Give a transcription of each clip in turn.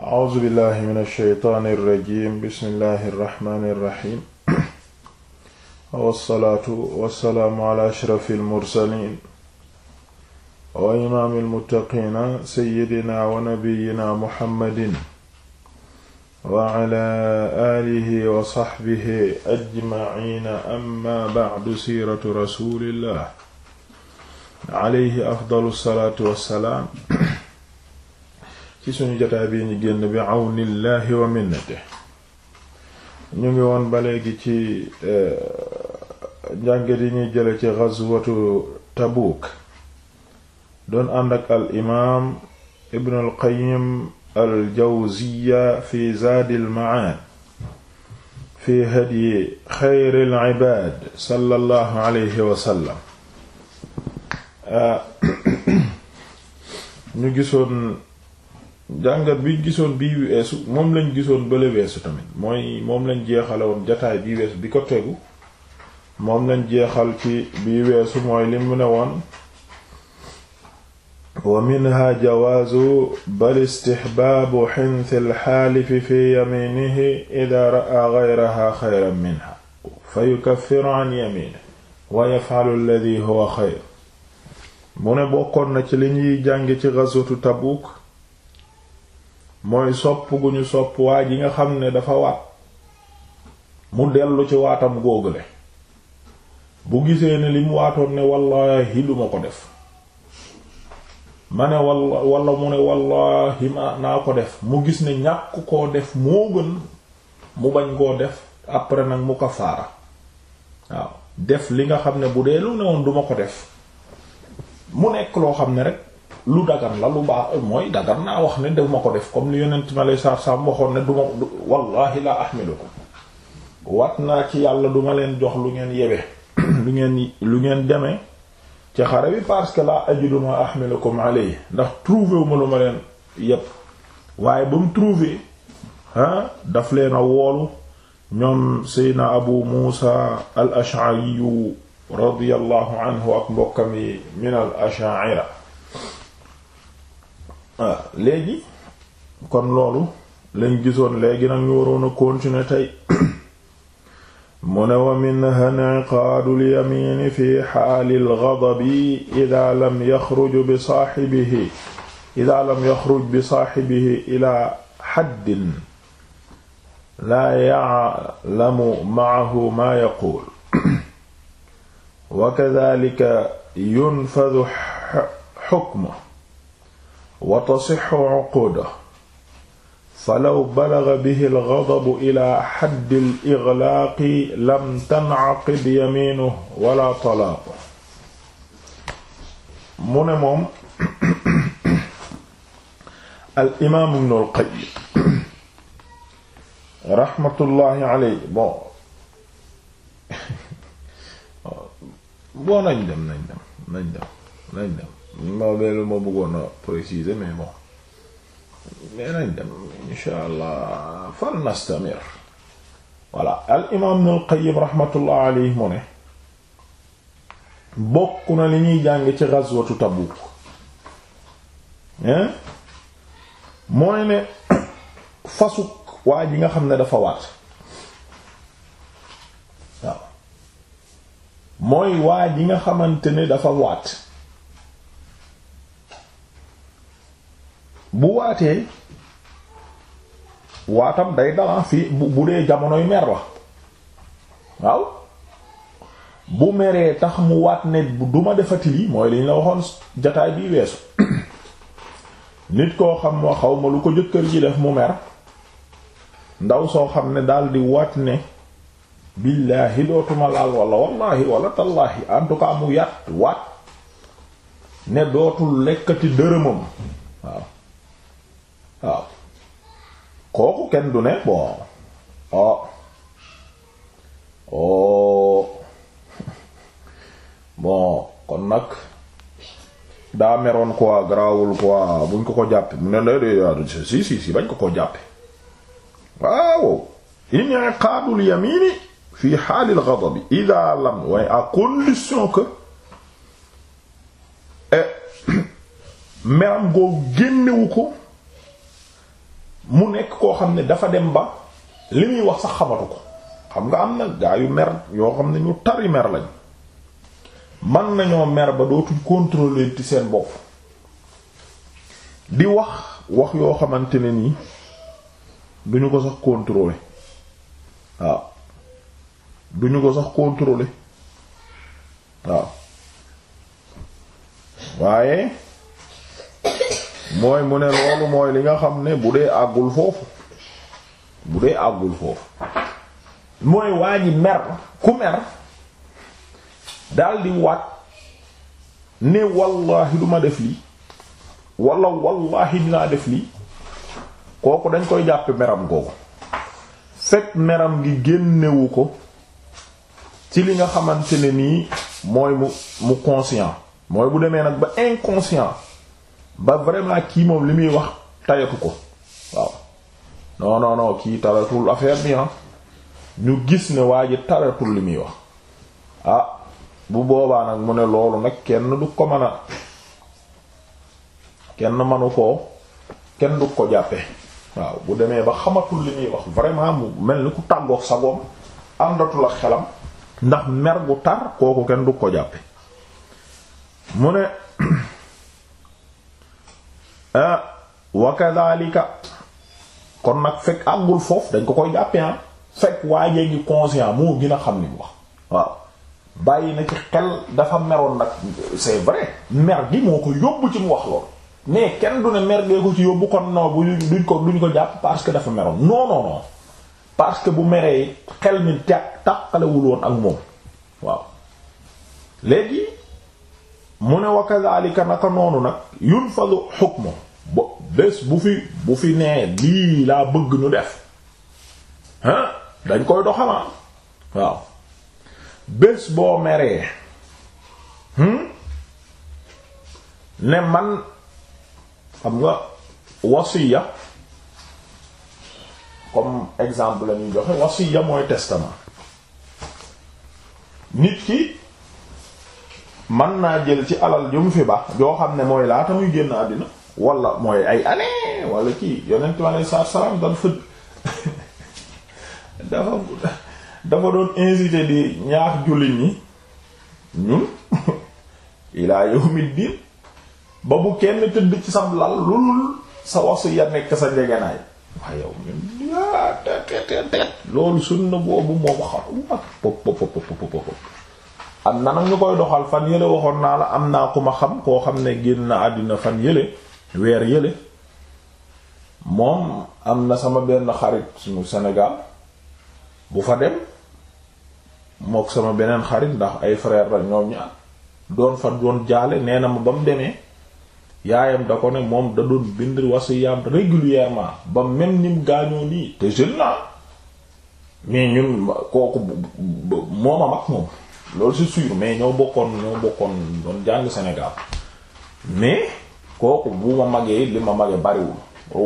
A'uuzu billahi mina shaytaani rajiim bismillahi rahmaani rahiim. Wassalaatu wassalaamu alaa ashrafil mursaliin. wa imaamil muttaqiina sayyidinaa wa nabiyyinaa Muhammadin. wa alaa aalihi wa saxbihi ajmaciina amma ba'du siiratu rasuulillah. alayhi afdalu salaatu wa salaam. ci suñu jotaay bii ñu génn bi awnillahi wa minnate ñu ngi woon ba léegi ci e, njànget yi ñuy jële ci ghazwatu Tabuuk doon ànd ak al imaam Ibn al Qayyim al Jawziyya fi Zaadil Ma'aad fi hadyi xayril ibaad sallallahu alayhi wa ñu gisoon jàngat bi gisoon bii weesu moom lañ gisoon bële weesu tamit mooy moom lañ jeexale woon jataay bii weesu bi ko tegu moom lañ jeexal ci bii weesu mooy li mu ne woon wa minha jawaazu bal istixbaabu xinti alxaalifi fi yaminihi ida ra'a gayraha xayran minha fa yukaffiru an yaminihi wa yaf'alu alladi huwa xayr mu ne bokkoon na ci li ñuy jànge ci gazwatu Tabuk mooy sopp gu ñu sopp waa ji nga xam ne dafa waat mu dellu ci waatam góogale bu gisee ne li mu waatoon ne wallaahi duma ko def ma ne walla walla mu ne wallaahi ma naa ko def mu gis ne ñàkk koo def moo gën mu bañ koo def après nag mu kafaara waaw def li nga xam ne bu dee lu ne woon duma ko def mu nekk loo xam ne rek lu dagan la lu baax mooy dagan naa wax ne daf ma ko def comme li yonent ma lay saar saam waxoon ne du ma wallahi la wat naa ci yàlla duma leen jox lu ngeen yebe lu ngeen lu ngeen demee ci xare bi parce que la ajidu ma ahmilukum alayhi ndax trouvé wu ma lu ma leen yépp waaye ba mu trouvé ah daf leen a woolu ñoom Seydina Abu Musa al Ash'ari radiyallahu anhu ak mbokkam yi min al Ash'ari waaw ah, léegi kon loolu lañ gisoon léegi nag ñu waroon a continuer tey mu ne wa minha inqaadul yamiini fi xaalil gadabi ida lam yaxruj bi saaxibihi ida lam yaxruj bi saaxibihi ila xaddin laa ya'lamu ma'ahu maa yaquul wa kadaalika yunfadu xukmuhu wa tasixu cuquudahu falaw balaga bihi algadabu ila xaddi aliqlaaqi lam tancaqid yamiinuhu wala talaaquhu mu ne moom al imaam ibnul qayyim raxmatullaahi aleyhi bon bon nañ dem nañ dem nañ dem nañ dem ma melu ma bëggoon a préciser mais bon mais nañ dem insha allah fal nastamir voilà al imaam Ibnul Qayyim rahmatullah alayhi ne bokk na li ñuy jàng ci ghazwatu Tabuk hein mooy ne fasuk waa ji nga xam ne dafa waat mooy waa ji nga xamante ne dafa waat bu waatee waatam day dalan ah fii bu dee jamonoy mer la waaw bu meree tax mu waat ne du ma defati mooy li ñu la waxoon jataay bi weesu nit koo xam ma xaw ma lu ko jëkkër ji def mu mer ndaw soo xam ne daal di waat ne billaahi dootuma laal wala wallahi wala tallaahi en mu yàtt waat ne dootul lekkati dërëmam waaw waaw kooku kenn du ne bon ah, oh oh bon kon nag daa meroon quoi garaawul quoi buñ ko ko jàppe mu ne la de ah, si si si bañ ko ko jàppe waaw in'iqaadul yamini fi xaalil ghadabi ida lam waaye à condition que eh, meram goo génnewu ko mu nekk koo xam ne dafa dem ba li muy wax sax xamatu ko xam nga am na gaa yu mer yoo xam ne ñu tari mer lañ man nañoo mer ba dootuñ contrôler ci seen bopp di wax wax yoo xamante ne ni duñu ko sax contrôler waaw duñu ko sax contrôler waaw waaye mooy mu ne loolu mooy li nga xam ne bu dee àggul foofu bu dee àggul foofu mooy waa ji mer ku mer daldi wat ne wallaahi duma def lii wala wallaahi dinaa def lii kooku dañ koy jàppe meram googu fekk meram gi génn génnewu ko ci li nga xamante ne nii mooy mu mu conscient mooy bu demee nag ba inconscient ba vraiment kii moom li muy wax tayatu ko waaw non non non kii taratul affaire bi ah ñu gis ne waa ji taratul li muy wax ah bu boobaa nag mu ne loolu nag kenn du ko man a kenn manu koo kenn du ko jàppe waaw bu demee ba xamatul li muy wax vraiment mu mel ni ku tàggoog sagoom àndatul ak xelam ndax mer bu tar kooku kenn du ko jàppe mu ne ah wa kadhalika kon nag fekk àggul foofu dañ ko koy jàppee ah fekk waajee ngi conscient moo gën a xam ni mu wax waaw bàyyi na ci xel dafa meroon nag c'est vrai mer gi moo ko yóbbu ci mu wax loolu mais kenn du ne mer gee ko ci yóbbu kon non bu duñ ko duñ ko jàpp parce que dafa meroon non non parce que bu meree xel mi tàqalewul woon ak moom waaw léegi. mu ne wa kadhalika naka noonu nag yunfadu hukmu ba bés bu fi bu fi nee lii laa bëgg ñu def ah dañ koy doxamaa ah. waaw bés boo meree hmm? ne man xam nga wasiya comme exemple la ñuy joxe wasiya mooy testament nit ki man naa jël ci alal ju mu fi baax joo xam ne mooy laata muy génn àddina wala mooy ay année wala kii yonent mi alei salaatu salaam dafa fëgg dafa dafa doon incité di ñaax jullit ñi ñun ilaa yawmiddin ba bu kenn tëdd ci sab lal lulul sa wasu ya nekk sa njegenaay waa yow ñun aa tet tet loolu sunna boobu moom xam pop pop pop pop am na nag ñu koy doxal fan yële waxoon naa la am naa ku ma xam koo xam ne génn na àddina fan yële weer yële moom am na sama benn xarit suñu Sénégal bu fa dem mook sama beneen xarit ndax ay frère la ñoom ñaar doon fa doon jaale nee na ma ba mu demee yaayam da ko ne moom da doon bind wasiyam régulièrement ba même nim gaañoo nii te jeune na mais ñun kooku mooma mag moom loolu c'est sûr mais ñoo bokkoon ñoo bokkoon doon jàng Sénégal mais kooku bu ma magee li ma magee bariwul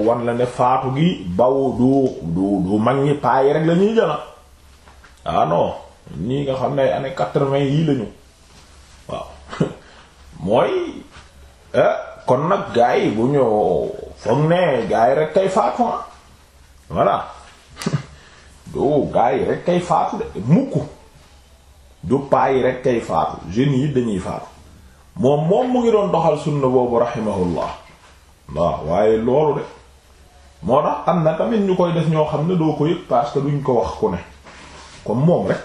wan la ne faatu gi baw du du du mag ñi payi rek la ñuy jëla ah non nga xam ne année quatre-vingt yii lañu waaw mooy eh, kon nag gars yi bu ñu foog ne gars rek kay faatu ah. voilà du gars rek kay faatu de mukk du paayi rek kay faatu jeunes yi dañuy faatu moom moom mu ngi doon doxal sunna boobu rahimahullah waaw waaye loolu de moo tax am na tamit ñu koy def ñoo xam ne doo ko yëg parce que duñ ko wax ku ne comme moom rek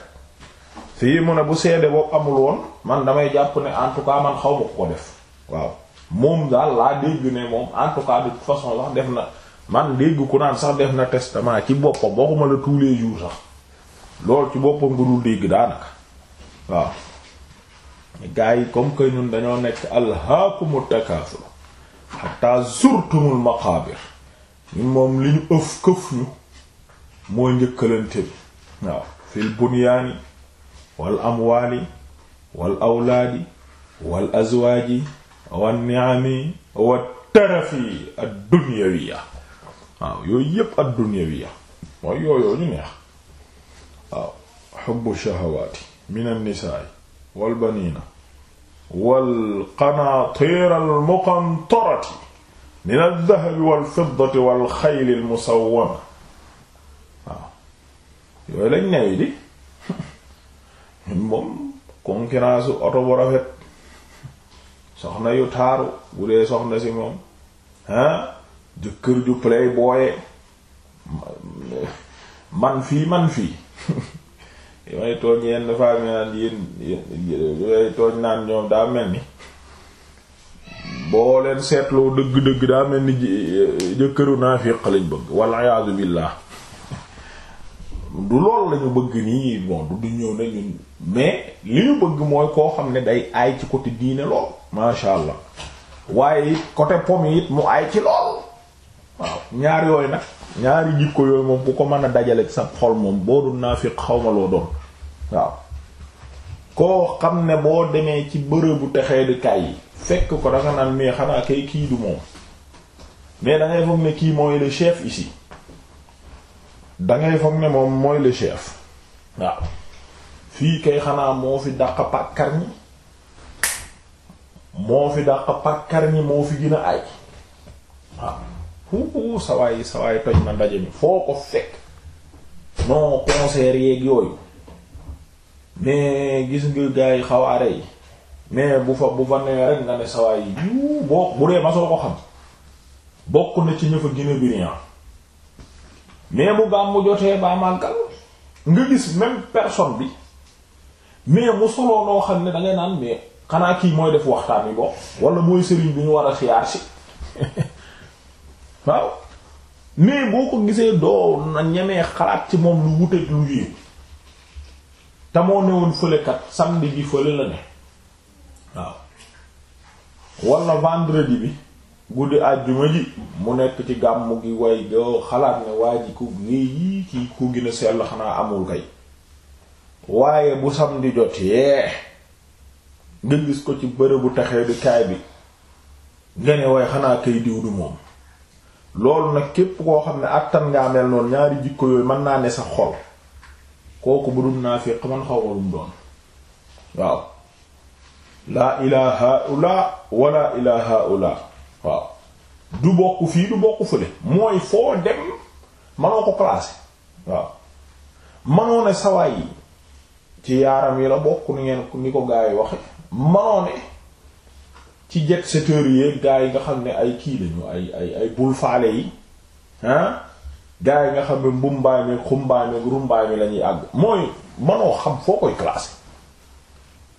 fii mu ne bu seede boobu amul woon man damay jàpp ne en tout cas man xaw ma ko ko def waaw moom daal laa dégg ne moom en tout de façon sax def na man dégg ku naan sax def na testament ci boppam waxuma la tous les jours sax loolu ci boppam nga dul dégg daanaka waaw gaa yi comme que ñun dañoo nekk alhaakumu takaasur hatta zurtumul maqaabir ñun moom li ñu ëf këf ñu mooy njëkkalante bi waaw fil bunyaani wal amwaali wal awlaadi wal azwaaji wan ni'ami wat tarafi ad waaw yooyu yëpp ad dunyawiya mooy ñu neex waaw hubbu shahawaati min annisaai walbaniina walqanaatiir almuqantarati min aldahabi walfiddati walxayli almusawwama waaw yooyu lañ newi di moom concurrence oto bu rafet soxna yu taaru bu soxna si moom ah jëkkër ju play booye man fii man fii yi may tooñ yenn faa mi naan yéen yooyu tooñ naan ñoom daa mel ni boo leen seetloo dëgg-dëgg daa mel ni jëkkëru naafiq lañ bëgg walla iyaazu billaah du lool lañu bëgg nii bon du ñëw ne mais li ñu bëgg mooy koo xam ne day aay ci côté diine lool masha allah waaye it côté pomme it mu aay ci lool waaw ñaar yooyu nag ñaari jikko yooyu moom ku ko mën a dajalee sa xol moom boo dul naafiq xawma loo doon waaw koo xam ne boo demee ci bërëbu texee di yi fekk ko danga naan mais xanaa kay kii du moom mais dangay foog ne kii mooy chef ici dangay foog ne moom mooy chef waaw fii kay xanaa moo fi dàq pàkkar ñi moo fi dàq pàkkar ñi moo fi gën a ay hu sawaay sawaay toj na ndaje mi foo ko fekk non concert yeeg yooyu mais gis nga gars yi yi mais bu fa bu fa nee rek nga ne sawaay yi boo bu dee ma soo ko xam bokk na ci ñë fa gën a brillant mais bu gàmmu jotee ba màggal nga gis même personne bi mais mu soloo noo xam ne da naan mais xanaa kii mooy def waxtaan wi bo wala mooy sëriñ bi ñu war a xiyaar si waaw mais boo ko gisee doo na ñemee xalaat ci moom lu wuteeg lu yiw te moo newoon fële kat samedi bi fële la ne waaw wala vendredi bi guddi àjjuma ji mu nekk ci gàmm gi way doo xalaat ne waa ji ku yii ku gën sell xanaa amul kay waaye bu samedi jot yee nga gis ko ci bërëbu taxee di kaay bi nga ne waaye xanaa kay diw du moom loolu nag képp koo xam ne àttan ngaa mel noonu ñaari jikko yooyu mën naa ne sa xol kooku bu dul naafiq man xaw walum doon waaw laa ilaa haula wala waaw du bokk fii du bokk fële mooy foo dem manoo ko classé waaw manoo sawaay yi ci yaaram yi la bokk ni ngeen ni ko gaa waxe manoo ci jet-setteurs yi gaa yi nga xam ne ay kii lañu ay ay ay bul faale yi ah? gaa yi nga xam ne mbumbaay mi xumbaay mi rumbaay mi la ñuy àgg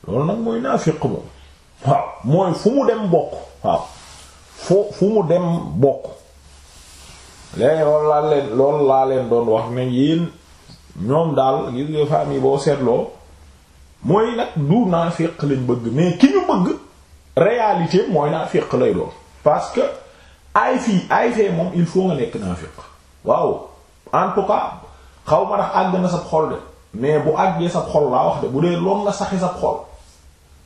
loolu nag mooy naafiq moom waaw mooy fu mu dem bokk waaw foo fu mu dem bokk léegi loolu laa leen loolu laa leen doon wax ne yéen ñoom daal gis nga famille boo seetloo mooy nag du naafiq lañ bëgg mais ki ñu bëgg réalité mooy fiq lay doon parce que ay fii ay fee moom il faut nga nekk naafiq waaw en tout cas xaw ma ndax àgg na sab xol de mais bu àggee sab xol laa wax de bu dee lool nga saxi sab xol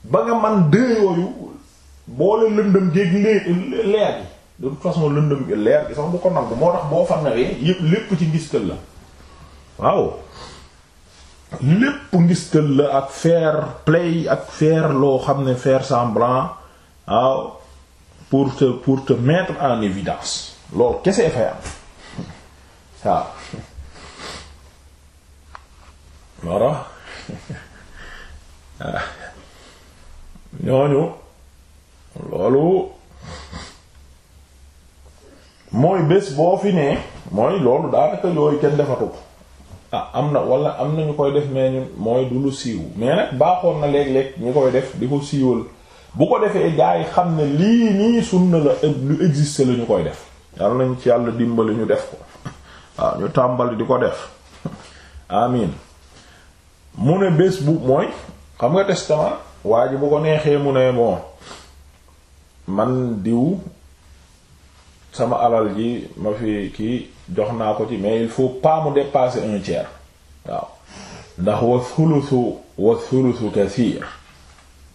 ba nga man dee yooyu boole lëndëm géeg leer gi de toute façon leer gi sax bu ko nangu moo tax boo fan nawee yépp lépp ci ngis kël la waaw lépp ngis kël la ak faire play ak faire loo xam ne faire semblant waaw pour te pour te mettre en évidence loolu kese fay am waaw wara loolu mooy bés boo fi nee mooy loolu daanaka yooyu kenn defatu ah am na wala am na ñu koy def mais ñun mooy du siiw mais nag baaxoon na léeg-léeg ñu koy def di ko siiwal bu ko defee gaa yi xam ne lii nii sunna la lu existe la ñu koy def yàlla nañ ci yàlla dimbali ñu def ko waaw ñu tàmbali di ko def amin mu ne bés bu mooy xam nga testament waa ji bu ko neexee mu ne bon man diw sama alal ji ma fi kii jox naa ko ci mais il faut pas mu dépasser un tiers waaw ndax wa thuluthu wa thuluthu kathir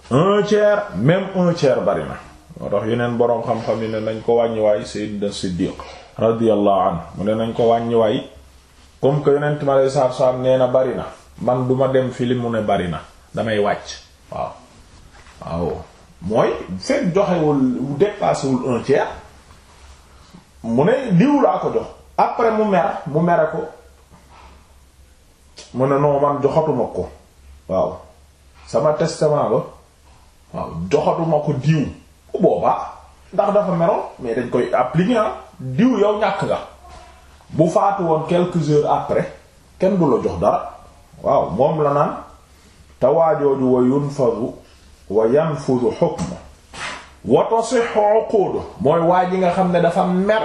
un tiers même un tiers bari na moo tax yeneen boroom xam-xam yi ne nañ ko wàññi waay Sayyidina Siddiq radiyallahu anhu mu ne nañ ko wàññi waay comme que yonent ma lay saab saab nee na bari na man duma dem fi li mu ne bari na damay wàcc waaw waaw mooy fekk joxewul dépassewul un tiers mu ne diw laa ko jox après mu mer mu mere ko mu ne non man joxatuma ko waaw sama testament waaw joxatuma ko diw boobaa ndax dafa meroon mais dañ koy appliquer ah. diw yow ñàkk nga bu faatu woon quelques heures après kenn bu la jox dara waaw moom la naan tawaajooju wa yunfazu wa yanfudu hukmu wa tasihhu uqudu mooy waa yi nga xam ne dafa mer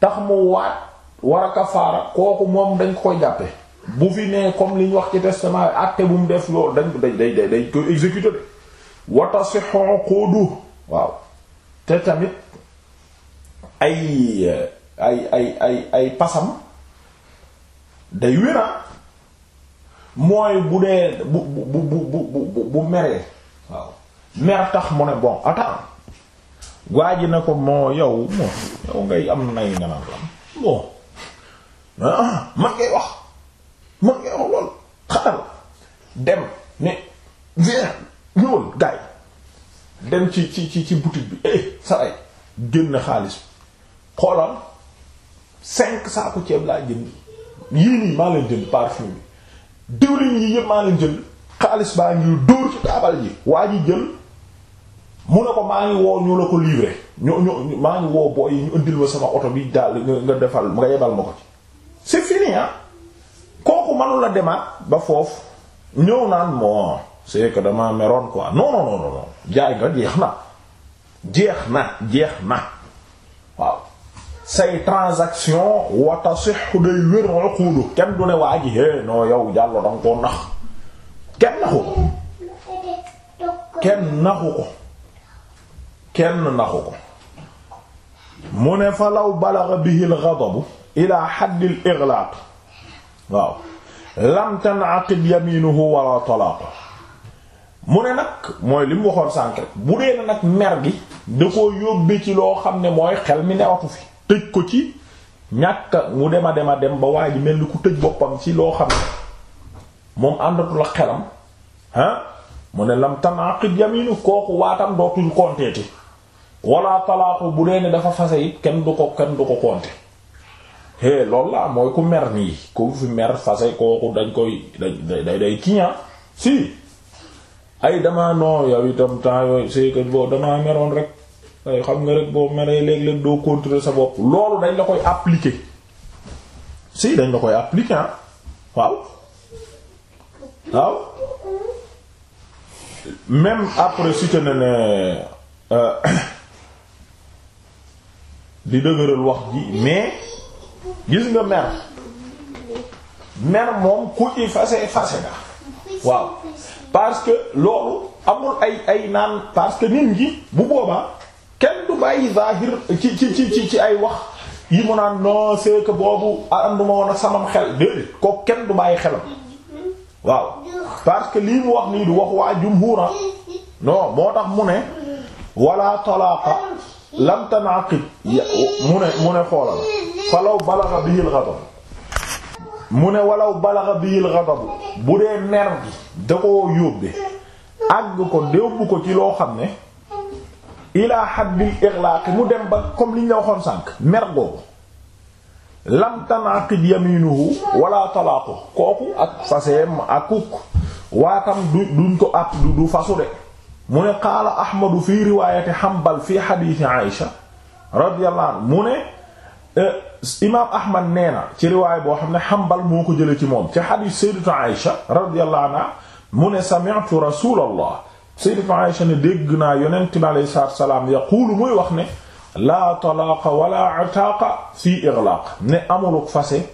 tax mu waat war a kafaara kooku moom dañ ko koy jàppe bu fi nee comme li ñu wax ci testament acte bu mu def loolu dañ dañ day day dañ koy exécuter de wata si xonqoodu waaw te tamit ay ay ay ay ay pasam day wéra ah. mooy bu dee bu bu bu bu bu bu meree waaw mer tax mu ne bon attends waa ji na ko moo yow moo yow ngay am nay nga naan bon ah man ngay wax man ngay wax lool xatal dem ne viens ñëwal gaay dem ci ci ci ci boutique bi eh saray génn xaalis xoolal cinq saaku ceeb laa jënd yii nii maa leen jënd parfum bi diwlin yi yëpp maa leen jënd xaalis baa ngi dóor ci taabal ji waa ji jël mu ne ko maa ngi woo ñu la ko livré ñoo ñoo maa ngi woo booy ñu indil ma sama oto bi daal nga defal nga yebal ma ko ci c'est fini kooku manula demaat ba foofu ñëw naan moo c'est que dama meroon quoi non non non non jaay jeex na jeex na jeex na waaw say transaction wata sixu day wér uquulu kenn du ne waa ji é non yow jàllo danga koo nax kenn naxu ko kenn naxu ko mu ne fa law bihi al-ghadabu ila hadd al-ighlaq waaw lam tanaqid yaminuhu wala talaaqu mu ne nag mooy li mu waxoon sànk rek bu dee na nag mer gi da koo yóbbee ci loo xam ne mooy xel mi newatu fi tëj ko ci ñàkk mu dema dema dem ba waaye ji mel ni ku tëj boppam ci loo xam ne moom àndatu la xelam ah mu ne lam tanaqid yaminu kooku waatam dootul konteeti wala talaaqu bu dee ne dafa fase it kenn du ko kenn du ko konte hé loolu la mooy ku mer nii ku fi mer fase kooku dañ koy dañ day day kiña ah. si ay damaa noo yow itam temps yooyu c'est que damaa meroon rek ay xam nga rek boo meree léeg-léeg doo contrôler sa bopp loolu dañ la koy appliquer si dañ la koy appliquer ah. waaw waaw après cité na ne euh, di dëgëral wax ji mais gis nga mer mer moom ku effacé effacé nga waaw parce que loolu amul ay ay naan parce que nit ñi bu boobaa kenn du bàyyi zahir ci ci ci ci ay wax yi mu naan non c'est que boobu anduma woon ak samam xel déedéet ko kenn du bàyyi xelam waaw parce que lii mu wax nii du wax waa jumhura ah. non moo tax mu ne wala talaqa lam tanaqid mu ne mu ne xoolal falaw balagha bihi mu ne walaw balagha bihi al-ghadab bu dee mer gi da yóbbe àgg ko débb ko ci loo xam ne ila haddil ighlaaq mu dem ba comme li la waxoon sànq mer googu lam tanaqid yaminuhu wala talaaqu kooku ak faseem ak kuk waatam du duñ ko àpp du fasu de mu ne qaala ahmadu fi riwaayati hanbal fi xadiisi aisha radiyallahu anhu mu ne eh, imaam ahmad nee na ci riwaaya boo xam ne hanbal moo ko jële ci moom ci xadiis sayyidatu aisha radiyallahu anha mu ne sami'tu rasulallah sayyidatu aisha ne dégg naa yonent bi alayhi salaatu salaam yaquulu muy wax ne laa talaaqa wala ataaqa fii iglaq ne amuluk fase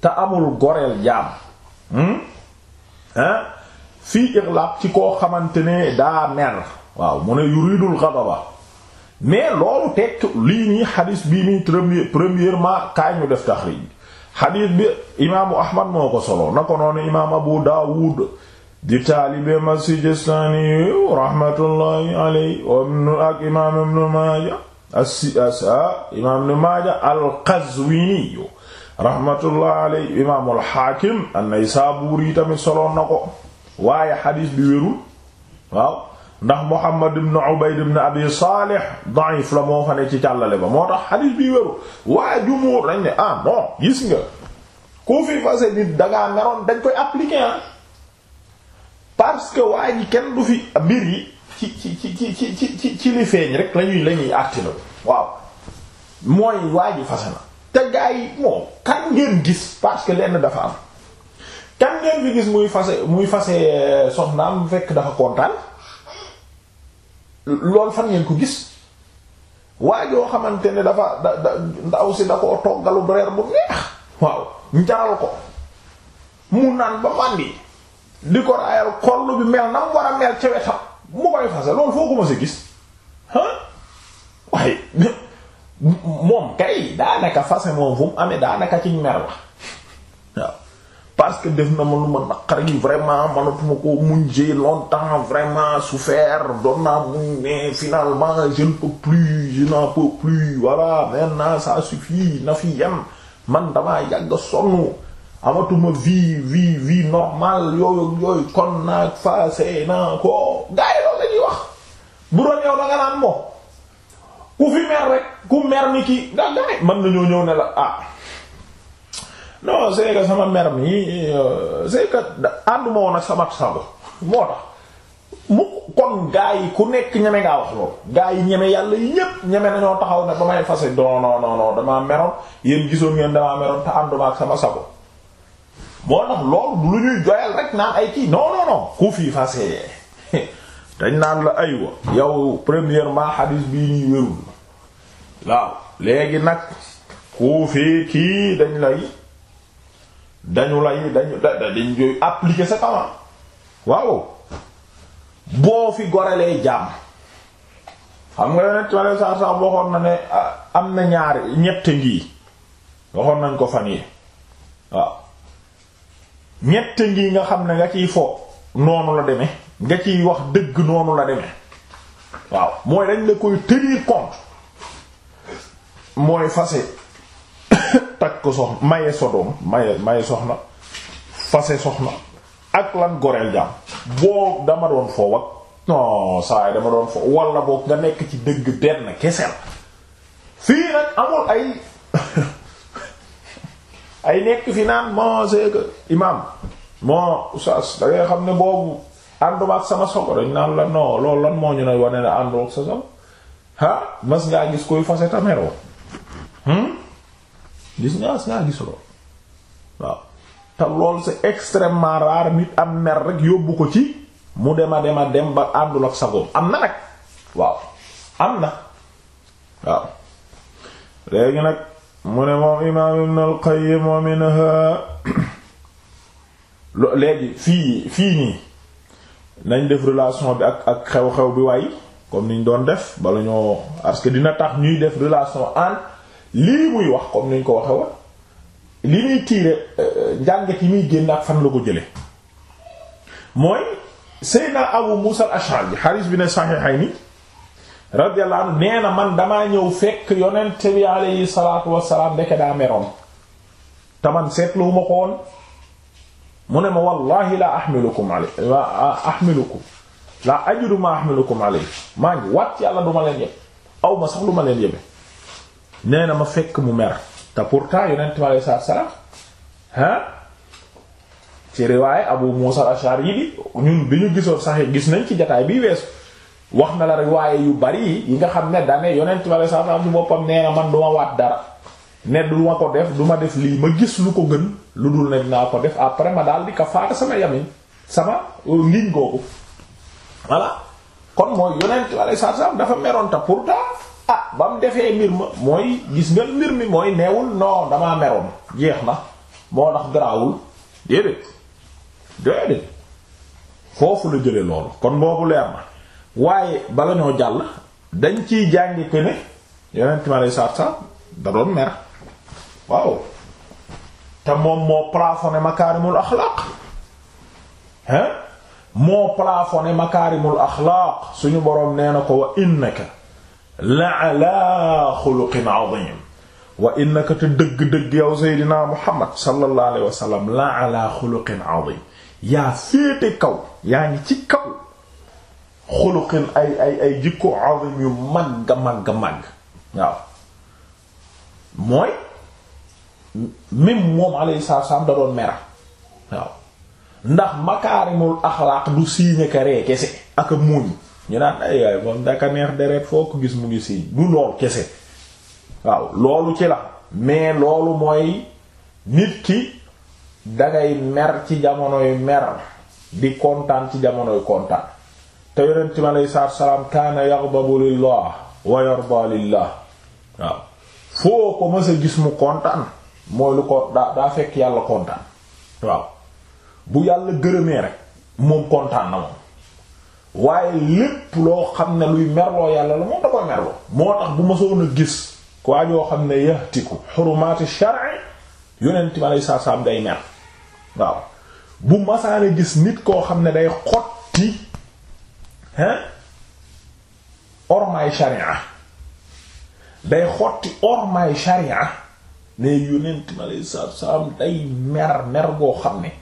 te amul goreel jaam ah fii ixlaaq ci koo xamante ne daa mer waaw mu ne yuridul ghadaba mais loolu tekk lii nii xadis bii nii premier premièrement kaay ñu def taxrij bi bi imaamu ahmad moo ko solo na ko noonu imaam abu daawud di taalibe ma sijistani rahmatullahi alayhi ak imaam ibnu maaja as-siasa ah, imaam ibnu maaja al-qazwini rahmatullahi alayhi imaamul xaakim an solo na ko waaye xadiis bi wérul waaw ndax Muhammad ibn Ubayd ibn Abi Salih da'if la moo fa ne ci càllale ba moo tax xadiis bi wérul waaye jumhur dañ ne ah non gis nga ku fi fase nit dangaa meroon dañ koy appliquer ah parce que waa kenn du fi mbir yi ci ci ci ci ci li feeñ rek lañuy lañuy àtti la waaw mooy waa fase na te gaa yi moom kan ngeen gis parce que lenn dafa am kan ngeen fi gis muy fase muy fase euh, soxnaam fekk dafa kontaan loolu fan ngeen ko gis waa joo xamante ne dafa da da ndaw si da koo toggalu reer bu neex waaw njaral ko mu naan ba màndi di ko raayal bi mel na mu war a mel ca wetam mu koy fase loolu foo ko ma si gis ah waaye moom kay daanaka fase moom fu mu amee daanaka ci mer la parce que def na ma lu ma naqari vraiment manatuma ko muñ j'ai longtemps vraiment souffert doon naa muñ mais finalement je ne peux plus je n'en peux plus voilà maintenant ça suffit na fi yem man damaa yàgg sonn amatuma vie vie vie normale yooyu yooyu kon naa faase naa ko gars yi loolu wax bu doon yow da nga naan moom ku fi mer rek ku mer ni kii nga gars yi mën nañoo ñëw ne la ah non c'est que sama mer mi euh, c'est que ànduma woon ak sama sago moo tax mu kon gaa yi ku nekk ñeme ngaa wax loolu gaa yi ñeme yàlla yi ñépp ñeme nañoo taxaw ne ba may fase non non non non damaa meroon yéen gisoon ngeen damaa meroon te ànduma ak sama sago moo tax loolu lu ñuy joyal rek naan ay kii non non non ku fase dañ naan la aywa yow premièrement xadis bii nii wérul waaw léegi nag ku fi kii dañ lay dañu lay dañu dañ joy appliquer sa kaw waaw boo fi gorelee jaam xam nga yonent mi alei satu salaam waxoon na ne ah, am na ñaari ñett ngi waxoon nañ ko fan yi waaw ñett ngi nga xam ne nga ciy fo noonu la deme nga ciy wax dëgg noonu la demee waaw mooy dañ la koy tenir compte mooy fase takk soxna maye sodoom maye maye soxna fase soxna ak lan goreel jaam boo dama doon foo wag non saa dama doon foo walla boo nga nekk ci dëgg benn kese la fii nag amul ay ay nekk fi naan moo c'est que imaam moo saas da ngay xam ne boobu ànduma sama sogo dañ naan la non loolu lan moo ñu ne wane ne àndoo sa sogo ah mas ngaa gis koy fase tameroo hmm? gis nga as ngaa gis lool waaw te lool c'est extrêmement rare nit am mer rek yóbbu ko ci mu dema dema dem ba àndul ak sagoom am na nag waaw am na waaw léegi nag mu ne moom imaam ibn al-Qayyim léegi fii fii nii nañ def relation bi ak ak xew-xew bi waay comme niñ doon def bala ñoo parce que dina tax ñuy def relation entre lii muy wax comme ni ko waxe wa li muy tiire euh, njàngat yi muy génn ak fan la ko jële mooy Seydina Abu Musa al-Ash'ari xaris bi ne Sahihayni radiyallahu anhu nee na man damaa ñëw fekk yonent bi alayhi salaatu wassalaam ndeke daa meroon te man ko woon mu ne ma wallahi la ahmilukum alay la ahmilukum ma ahmilukum alay maa ngi yàlla du ma leen yeb aw ma sax lu ma leen yebe nee na ma fekk mu mer te pourtant yonent mi alei salaatu salaam ah ci riwaaye Abu Musa al-Ash'ari bi ñun bi ñu gisoon saxee gis nañ ci jataay bi wees wax na la riwaaye yu bari yi nga xam ne dane yonent mi alei salaatu salaam ci boppam nee man du ma waat dara ne du ma ko def du ma def lii ma gis lu ko gën lu dul ne dinaa ko def après ma daal di ko faata sama yamin sama euh, ngiñ googu voilà kon mooy yonent mi alei salaatu salaam dafa meroon te ah ba mu defee mbir ma mooy gis nga mbir mi mooy neewul non damaa meroon jeex na moo tax garaawul déedéet déedéet foofu la jële loolu kon boobu leer na waaye bala ñoo jàll dañ ciy jàngi ke ne yonent mi alei saatu salaam da doon mer waaw te moom moo plafonné makaarimul axlaaq hein moo plafonné makaarimul axlaaq suñu boroom nee na ko wa innaka la ala xuluqin azim wa innaka te dëgg-dëgg yow seydina muhammad sallallahu alayhi wa la ala xuluqin azim yaa féete kaw yaa ngi ci kaw xuluqin ay ay ay jikko azim yu màgg màgg màgg waaw mooy même moom alayhi salaam da doon mera waaw ndax makaarimul axlaaq du siiñaka ree kese ak a muuñ ñu naan ay waay moom daka neex deret foo ko gis mu ngi si du lool kese waaw loolu ci la mais loolu mooy nit ki dangay mer ci jamonoy mer di kontaan ci jamonoy kontaan te yonent mi aleyhi salaatu wa salaam kaana waaw foo ko mës gis mu kontaan mooy lu ko daa daa fekk yàlla kontaan waaw bu yàlla gërëmee rek moom kontaan na moom waaye lépp loo xam ne luy merloo yàlla la moom da koy merloo moo tax bu ma soon a gis ku waajoo xam ne yahtiku xurumaati shar'i yonent ma lay saa saam day mer gis nit koo xam ne day xotti hein ormaay sharia day mer mer goo xam ne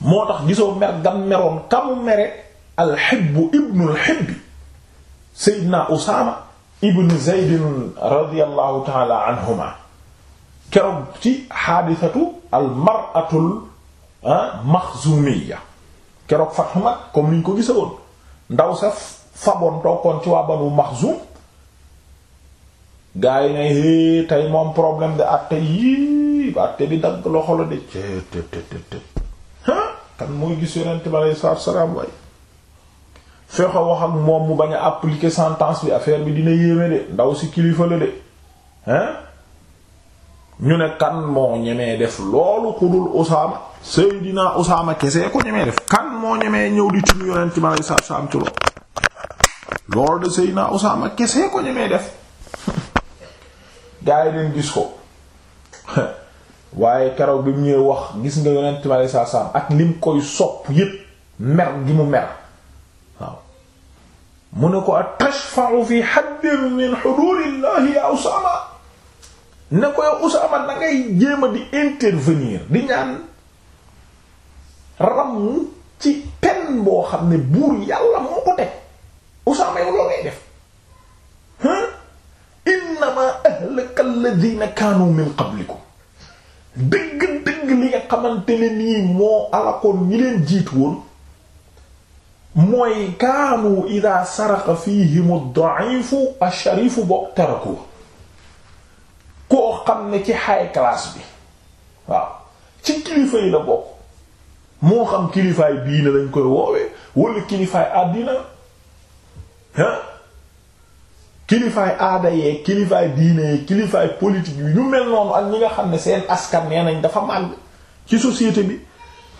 moo tax gisoo mer gam meroon kamu mere alxibbu ibnu alxibbi Seydina Usaama ibnu Zaydin radiyallahu taala anhuma keroog ci xaadisatu almaratul maxzumiya keroog Fathu Makka comme niñ ko gisa woon ndaw sa faboon toogoon ci waa Banu Maxzum gaa yi ne tey moom problème de àtte yii ba àtte bi dagg loxo la de cë të të kan mooy gis yonent bi aleyhi salaam waaye fexe wax ak moom mu bañ a appliquer sentence bi affaire bi dina yéeme de ndaw si kilifa de hein ñu ne kan moo ñemee def loolu ku dul Usaama Seydina Usaama kese ko ñemee def kan moo ñemee ñëw di tudd yonent ma lay saab saab ci gis ko waaye bi mu wax gis nga yonent ma lay ak lim koy sopp yépp mer gi mu mer mu ne ko ak tashfa'u fi haddin min hududillahi ya Usaama ne ko yow Usaama da jéem a di intervenir di ñaan ram ci pen boo xam ne buur yàlla moo ko teg Usaama yow loo ngay def innama ahlaka alladhina kaanu min qablikum dëgg-dëgg li nga xamante ne nii moo alakoon ñi leen jiitu woon mooy kaanu ida saraqa fihim ad-da'ifu ash-sharifu bokk taraku xam ne ki high class bi waaw ci kilifa la bokk moo xam kilifaay diine lañ koy woowee wala kilifaay àddina ah kilifaay aada yee kilifaay diine yee kilifaay politique mel noonu ak ñi nga xam ne seen askan nee nañ dafa màgg ci société bi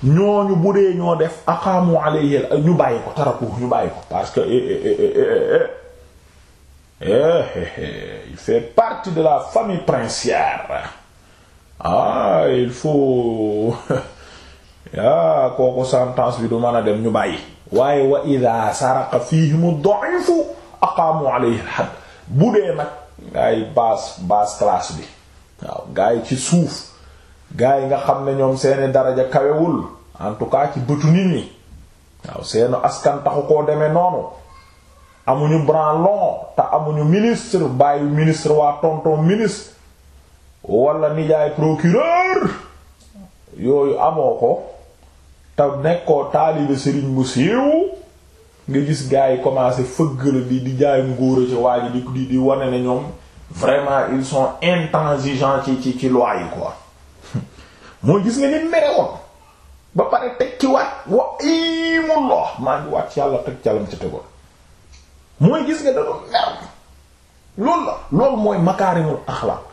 ñooñu bu dee ñoo def aqaamu alayhi ñu bàyyi ko taraku ñu bàyyi parce que il fait partie de la famille princière i il faut ah kooku bi du mën a dem ñu bàyyi waaye wa ida saraqa fihim da'ifu aqaamu alayhi al hadd bu dee bi waaw ngay ci suuf gaa yi nga xam ne ñoom seeni daraja kawewul en tout cas ci bëtu nit ñi waaw seenu askan taxu koo demee noonu amuñu branlon te amuñu ministre bàyyi ministre waa tonton ministre wala nijaay procureur yooyu amoo ko te nekkoo taalibe sëriñ bu siiw nga gis gars yi commencé fëgg di di jaay ngóora ci waa di di wane ne ñoom vraiment ils sont intransigeants ci ci ci loi yi quoi mooy gis nga ni mere woon ba pare teg ci waat wa imullah maa ngi waat yàlla teg calam ci tegoon mooy gis nga da mer loolu la loolu mooy makaarimul axlaaq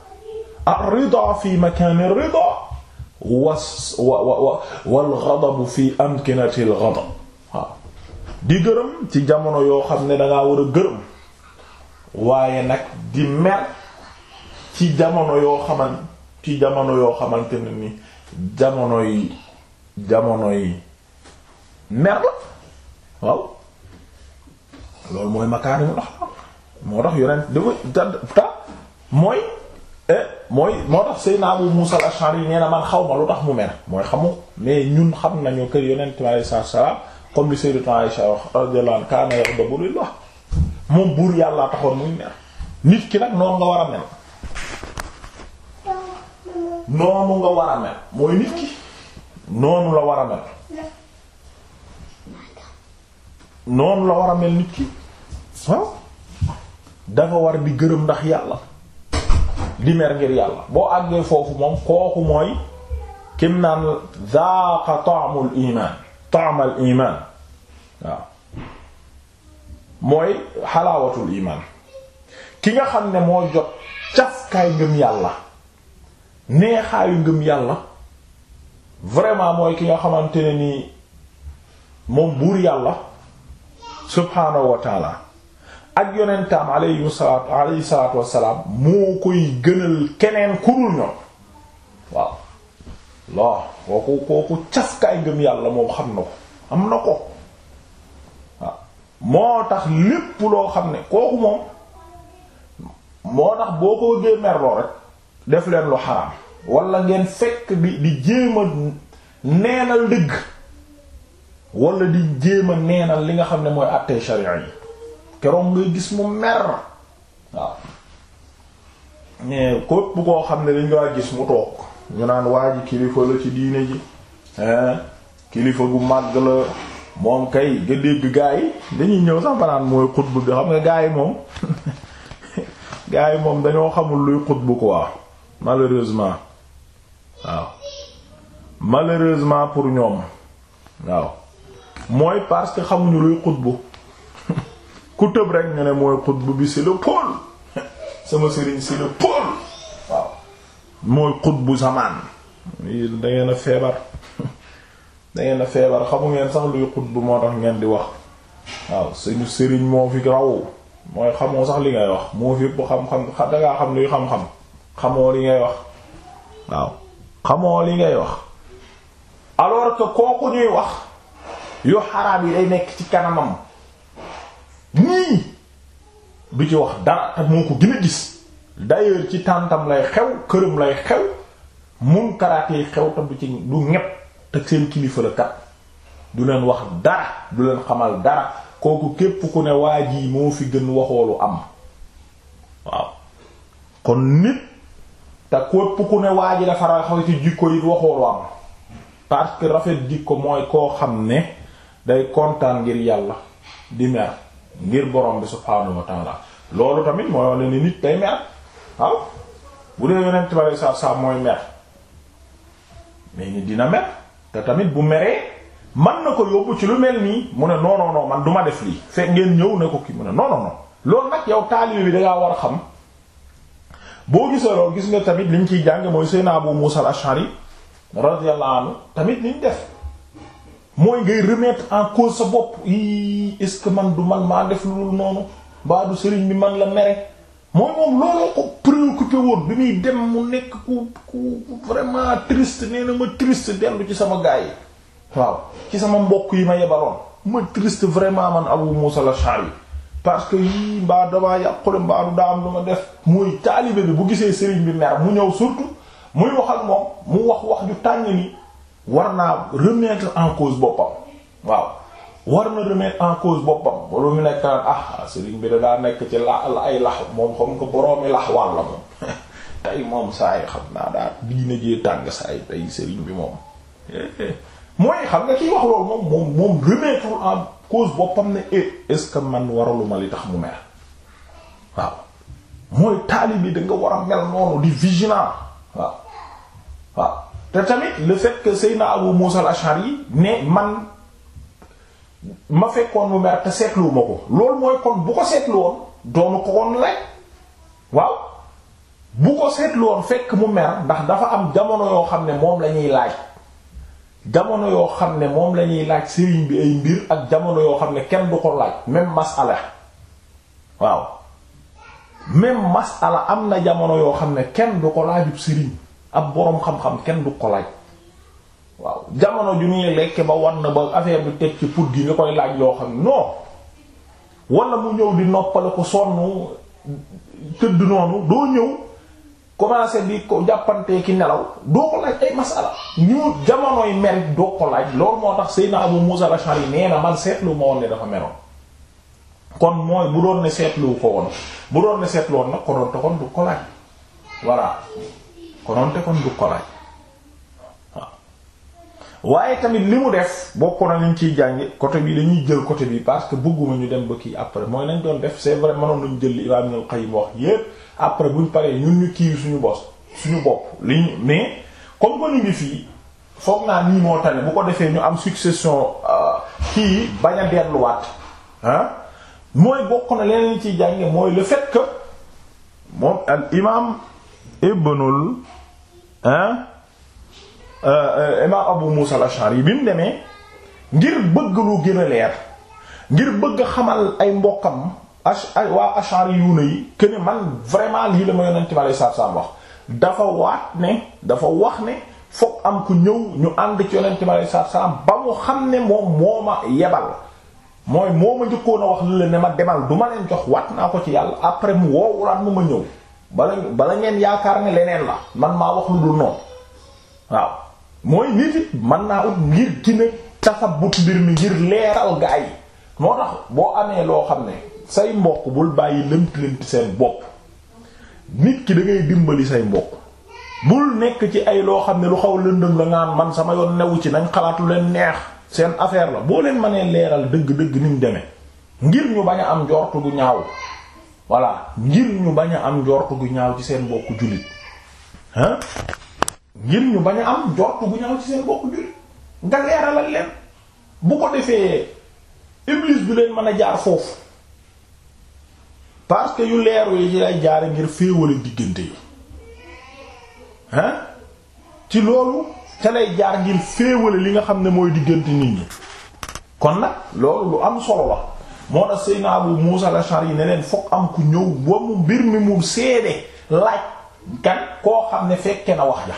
ar-ridaa fi makaani ridaa was wa wa wal ghadab fi amkinati al waaw di gërëm ci jamono yoo xam ne dangaa war a gërëm waaye nag di mer ci jamono yoo xaman ci jamono yoo xamante ne ni jamonoy jamonoy mer la waaw loolu mooy makaarimul axlaaq moo tax yonent dafa ta mooy eh, mooy moo tax Seydina Abu Muusa al-Ash'ari nee na man xaw ma lu tax mu mer mooy xamu mais ñun xam nañu kër yonent bi alayhi salaam comme li Sayyidatu Aïsha radiyallahu anha kaana yaghdabu lillah moom buur yàllaa taxoon muy mer nit ki nag noonu nga war a mel noonu nga war a mel mooy nit ki noonu la war a mel noonu la war a mel nit ki dafa war bi gërëm ndax yàlla di ngir yàlla boo àggee foofu moom kooku mooy kim naan zaaqa ta'mul iman ta'mal iman mooy xalaawatul iman ki nga xam ne moo jot cafkaay ngëm yàlla neexaayu ngëm yàlla vraiment mooy ki nga xamante ne nii moom buur yàlla subhaanahu ak yonentaam alayhi salaatu alayhi salaatu wassalaam moo koy gënal keneen ku ñoom waaw loo kooku kooku cafkaay ngëm yàlla moom xam na ko am na ko waaw moo tax lépp loo xam ne kooku moom moo tax boo ko gee merloo rek def leen lu xaraam wala ngeen fekk di di jéem neenal dëgg wala di jéem a neenal li nga xam ne mooy àttee sharia yi keroog ngay gis mu mer waaw mais képp koo xam ne dañ ngaa gis mu toog ñu naan waa ji kilifa la ci diine ji kilifa gu màgg la moom kay nga dégg gaa yi dañuy ñëw sax banaan mooy xutbu bi xam nga gaa yi moom gaa yi moom dañoo xamul luy xutbu quoi malheureusement waaw malheureusement pour ñoom waaw mooy parce que xamuñu luy bu ku tëb rek ñu ne mooy bu bi si le pôle sama sëriñ si le pôle waaw mooy xutbu zamaan da ngeen a feebar da ngeen a feebar xamu ngeen sax luy bu moo tax ngeen di wax waaw suñu sëriñ moo fi raw mooy xamoo sax li ngay wax moo fi ëpp xam-xam da xam luy xam-xam xamoo li ngay wax waaw xamoo li ngay wax alors que kooku ñuy wax yu xaraam yi day nekk ci kanamam nii du ci wax dara te moo ko gën a gis d'ailleurs ci tàntam lay xew këram lay xew munkaraat yi xew te du ci du ñépp te seen kilifa la kat du leen wax dara du leen xamal dara kooku képp ku ne waa ji moo fi gën waxoolu am waaw kon nit te képp ku ne waa ji dafa rafet jikko yi waxoo lu am parce que rafet jikko mooy koo xam ne day kontaan ngir yàlla di mer ngir borom bi subhaanahu wa loolu tamit mooy wane ni nit day mer waaw bu dee yonent ba saa saa mooy mer mais nit dina mer te tamit bu meree man na ko yóbbu ci lu mel nii mu ne non man duma def lii fekk ngeen ñëw ne ko kii mu ne non loolu nag yow taalibe bi dangaa war a xam. boo gisee loolu gis nga tamit liñ ciy jàng mooy Seydina Abu Musa al-Ash'ari radiyallahu anhu tamit liñ def mooy ngay remettre en cause sa bopp i est-ce que man du man maa def loolu noonu mbaa du sëriñ bi man la mere mooy moom looloo ko préoccupé woon bi muy dem mu nekk ku ku vraiment triste nee na ma triste dellu ci sama gaay yi waaw ci sama mbokk yi ma yebaloon ma triste vraiment man Abu Musa al parce que yii mbaa damaa yàqule mbaa du daa am lu def mooy taalibe bi bu gisee sëriñ bi mer mu ñëw surtout muy wax ak moom mu wax wax ju tàng ni war naa remettre en cause boppam waaw war na remettre en cause boppam wala mu nekk naan ah sëriñ bi da daa nekk ci la la ay lax moom xam nga boroomi lax la moom tey moom saa yi xam naa daa diine jee tàng saa yi sëriñ bi moom mooy xam nga kiy wax loolu moom moom moom remettre cause boppam na eh, est-ce que man waraluma li tax mu mer waaw mooy taalib yi da nga war a mel noonu di vigilant waaw waaw te tamit le fekk que Seyna Abu Musa al-Ash'ari ne man ma fekkoon mu mer te seetluwuma ko loolu mooy kon bu ko seetlu woon doonu ko woon lay waaw bu ko seetlu woon fekk mu mer ndax dafa am jamono yoo xam ne moom lañuy laaj jamono yoo xam ne moom lañuy laaj sëriñ bi ay mbir ak jamono yoo xam ne kenn du ko laaj même masala waaw même masala am na jamono yoo xam ne kenn du ko laajub sëriñ ab boroom xam-xam kenn du ko laaj waaw jamono ju ñuy lekke ba war na ba affaire bi teg ci put gi nga koy laaj yoo xam ne non wala mu ñëw di noppale ko sonn tëdd noonu doo ñëw commencé di ko jàppantee ki nelaw doo ko laaj ay masala ñu jamonoy mer doo ko laaj loolu moo tax Seydina Abu Musa al-Ash'ari nee man seetlu ma won ne dafa meroon kon mooy bu doon ne seetlu ko woon bu doon ne seetlu woon nag konoonte kon du ko laaj voilà konoonte kon du ko laaj waaye tamit li mu def bokk na liñ ciy jànge côté bi dañuy jël côté bii parce que bëgguma ñu dem ba kii après mooy nañ doon def c'est vrai mënoon nañ jël li Imaam Ibnul Qayyim wax yépp après buñ paree ñun ñu kii suñu bos suñu bopp liñ mais comme que ñu ngi fii foog naa nii moo tane bu ko defee ñu am succession euh, kii bañ a delluwaat ah mooy bokk na leneen ciy jànge mooy le fait que moom al imaam ibnul ah Euh, euh, imaam Abu Muusa al-Ash'ari bi mu demee ngir bëgg lu gën a leer ngir bëgg xamal ay mbokkam ay waa Ash'ari yuuna yi que ne man vraiment lii la ma yonent bi aleyhi salaatu salaam wax dafa waat ne dafa wax ne fokk am ku ñëw ñu ànd ci yonent bi aleyhi salaatu salaam ba mu xam ne moom moo ma yebal mooy moo ma njëkkoon a wax li leen ma demal du ma leen jox waat naa ko ci yàlla après mu woowulaat mu ma ñëw bala bala ngeen yaakaar ne leneen la man maa wax lu dul noonu waaw mooy nit it mën naa ut ngir gina tasabut mbir mi ngir leeral gaa yi moo tax boo amee loo xam ne say mbokk bul bàyyi lëmt lëmt seen bopp nit ki dangay dimbali say mbokk bul nekk ci ay loo xam ne lu xaw lëndëm la ngaan man sama yoon newu ci nañ xalaat lu leen neex seen affaire la boo leen mënee leeral dëgg-dëgg ni mu demee ngir ñu bañ am njort gu ñaaw voilà ngir ñu bañ a am njort gu ñaaw ci seen mbokk jullit ah ngir ñu bañ a am njort bu ñaaw ci seen bokk jullit nga leeralal leen bu ko defee iblis bi leen mën a jaar foofu parce que yu leeru yi ci lay jaare ngir féewale diggante yi hein ci loolu ca lay jaar ngir féewale li nga xam ne mooy diggante nit ñi kon nag loolu lu am solo la moo tax Seydina Abu Muusa al-Ash'ari ne leen fokk am ku ñëw ba mbir mi mu seede laaj kan koo xam ne fekke na wax ja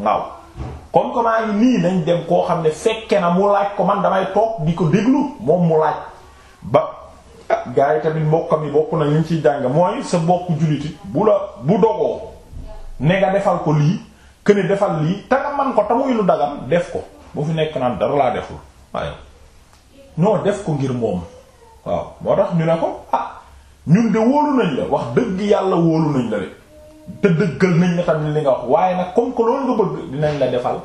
waaw kon que maa ngi nii nañ dem koo xam ne fekke na mu laaj ko man damay toog di ko déglu moom mu laaj ba ah, gaa yi tamit mbokkam yi bokk na liñ ciy jàng mooy sa bokk julliti bu bu dogoo ne nga defal ko lii këne defal lii te nga man ko te muy lu dagan def ko bu fi nekk naan dara laa deful waaye non def ko ngir moom waaw moo tax ñu ne ko ah ñun de wóolu nañ la wax dëgg yàlla wóolu nañ la de te dëggal nañ la tamit li nga wax waaye nag comme que loolu nga bëgg dinañ la defal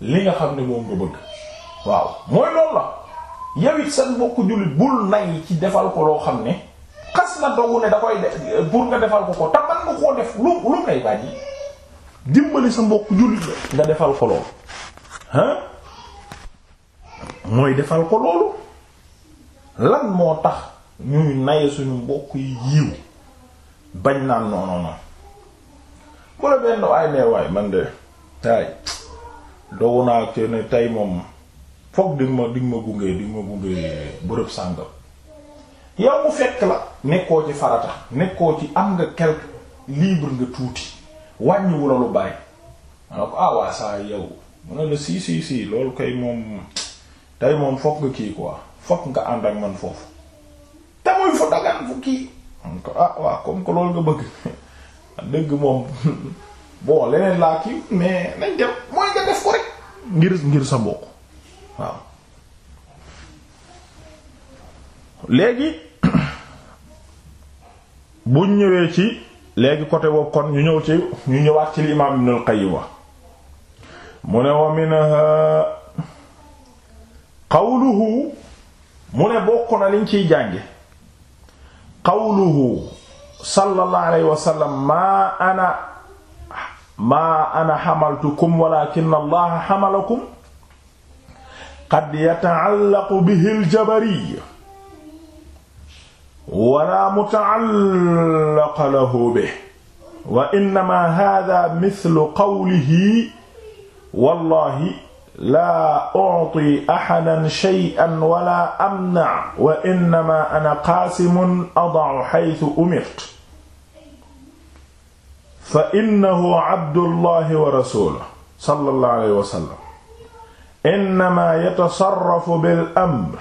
li nga xam ne moom nga bëgg waaw mooy loolu la yow it sa mbokku jullit bul nay ci defal ko loo xam ne xas na dogu ne da koy def pour nga defal ko def lu lu ngay dimbali sa mbokku jullit la mooy defal ko loolu lan moo tax ñuy nay suñu mbokk yi yiw bañ naan non non bu la benn waay man de tay dogu naa ak ne tey moom foog dinga ma dinga ma gunge dinga ma gunge bërëb sàngam yow mu fekk la nekkoo ci farata nekkoo ci am nga quelque libre nga tuuti wàññiwula lu bàyyi mana ko awaa ah saa yow mun ne la si si si loolu koy moom tey moom foog nga kii quoi foog nga ànd ak man foofu te muy fu dagaan fu kii man ko ah waa comme que loolu nga bëgg dëgg moom bon leneen laa kii mais nañ dem mooy nga def ko rek ngir ngir sa mbokk waaw léegi buñ ñëwee ci léegi côté boobu kon ñu ñëw ci ñu ñëwaat ci li imaam Ibnul Qayyim wax mu ne wa minha qawluhu mu ne bokk na liñ ciy jànge qawluhu sallallahu alayhi wa sallam maa ana maa ana xamaltukum walakin allaha xamalakum qad yataallaqu bihi aljabariya wala mutaallaqa lahu bihi wa innama hada mithlu qawlihi wallahi laa u'ti ahadan shay'an wala amna wa innama ana qaasimun ada'u haythu umirtu fa innahu abdullahi wa rasuluhu sallallahu alayhi wa sallam innama yatasarrafu bil amr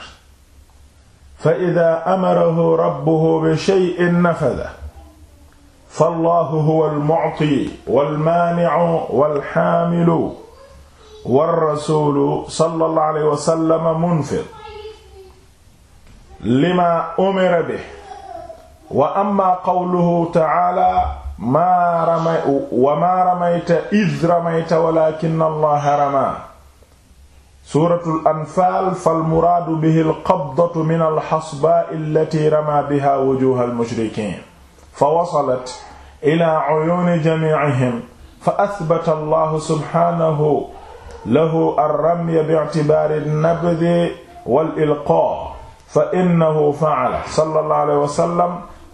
fa idha amarahu rabbuhu bi shay'in nafadha fallahu huwal mu'ti wal maani'u wal haamilu war rasulu sallallahu alayhi wa sallam munfir lima umira bi wa amma qawluhu ta'ala maa ramay wa maa ramayta id ramayta walakin allaha rama suuratul anfaal fal muraadu bihi alqabdatu min alxasbaa allati rama biha wujuha almushrikiin fa wasalat ila uyuuni jamiicihim fa athbata allahu subhaanahu lahu ar-ramy bi'tibaar an-nabd wal-ilqaa fa innahu fa'ala sallallahu alayhi wa sallam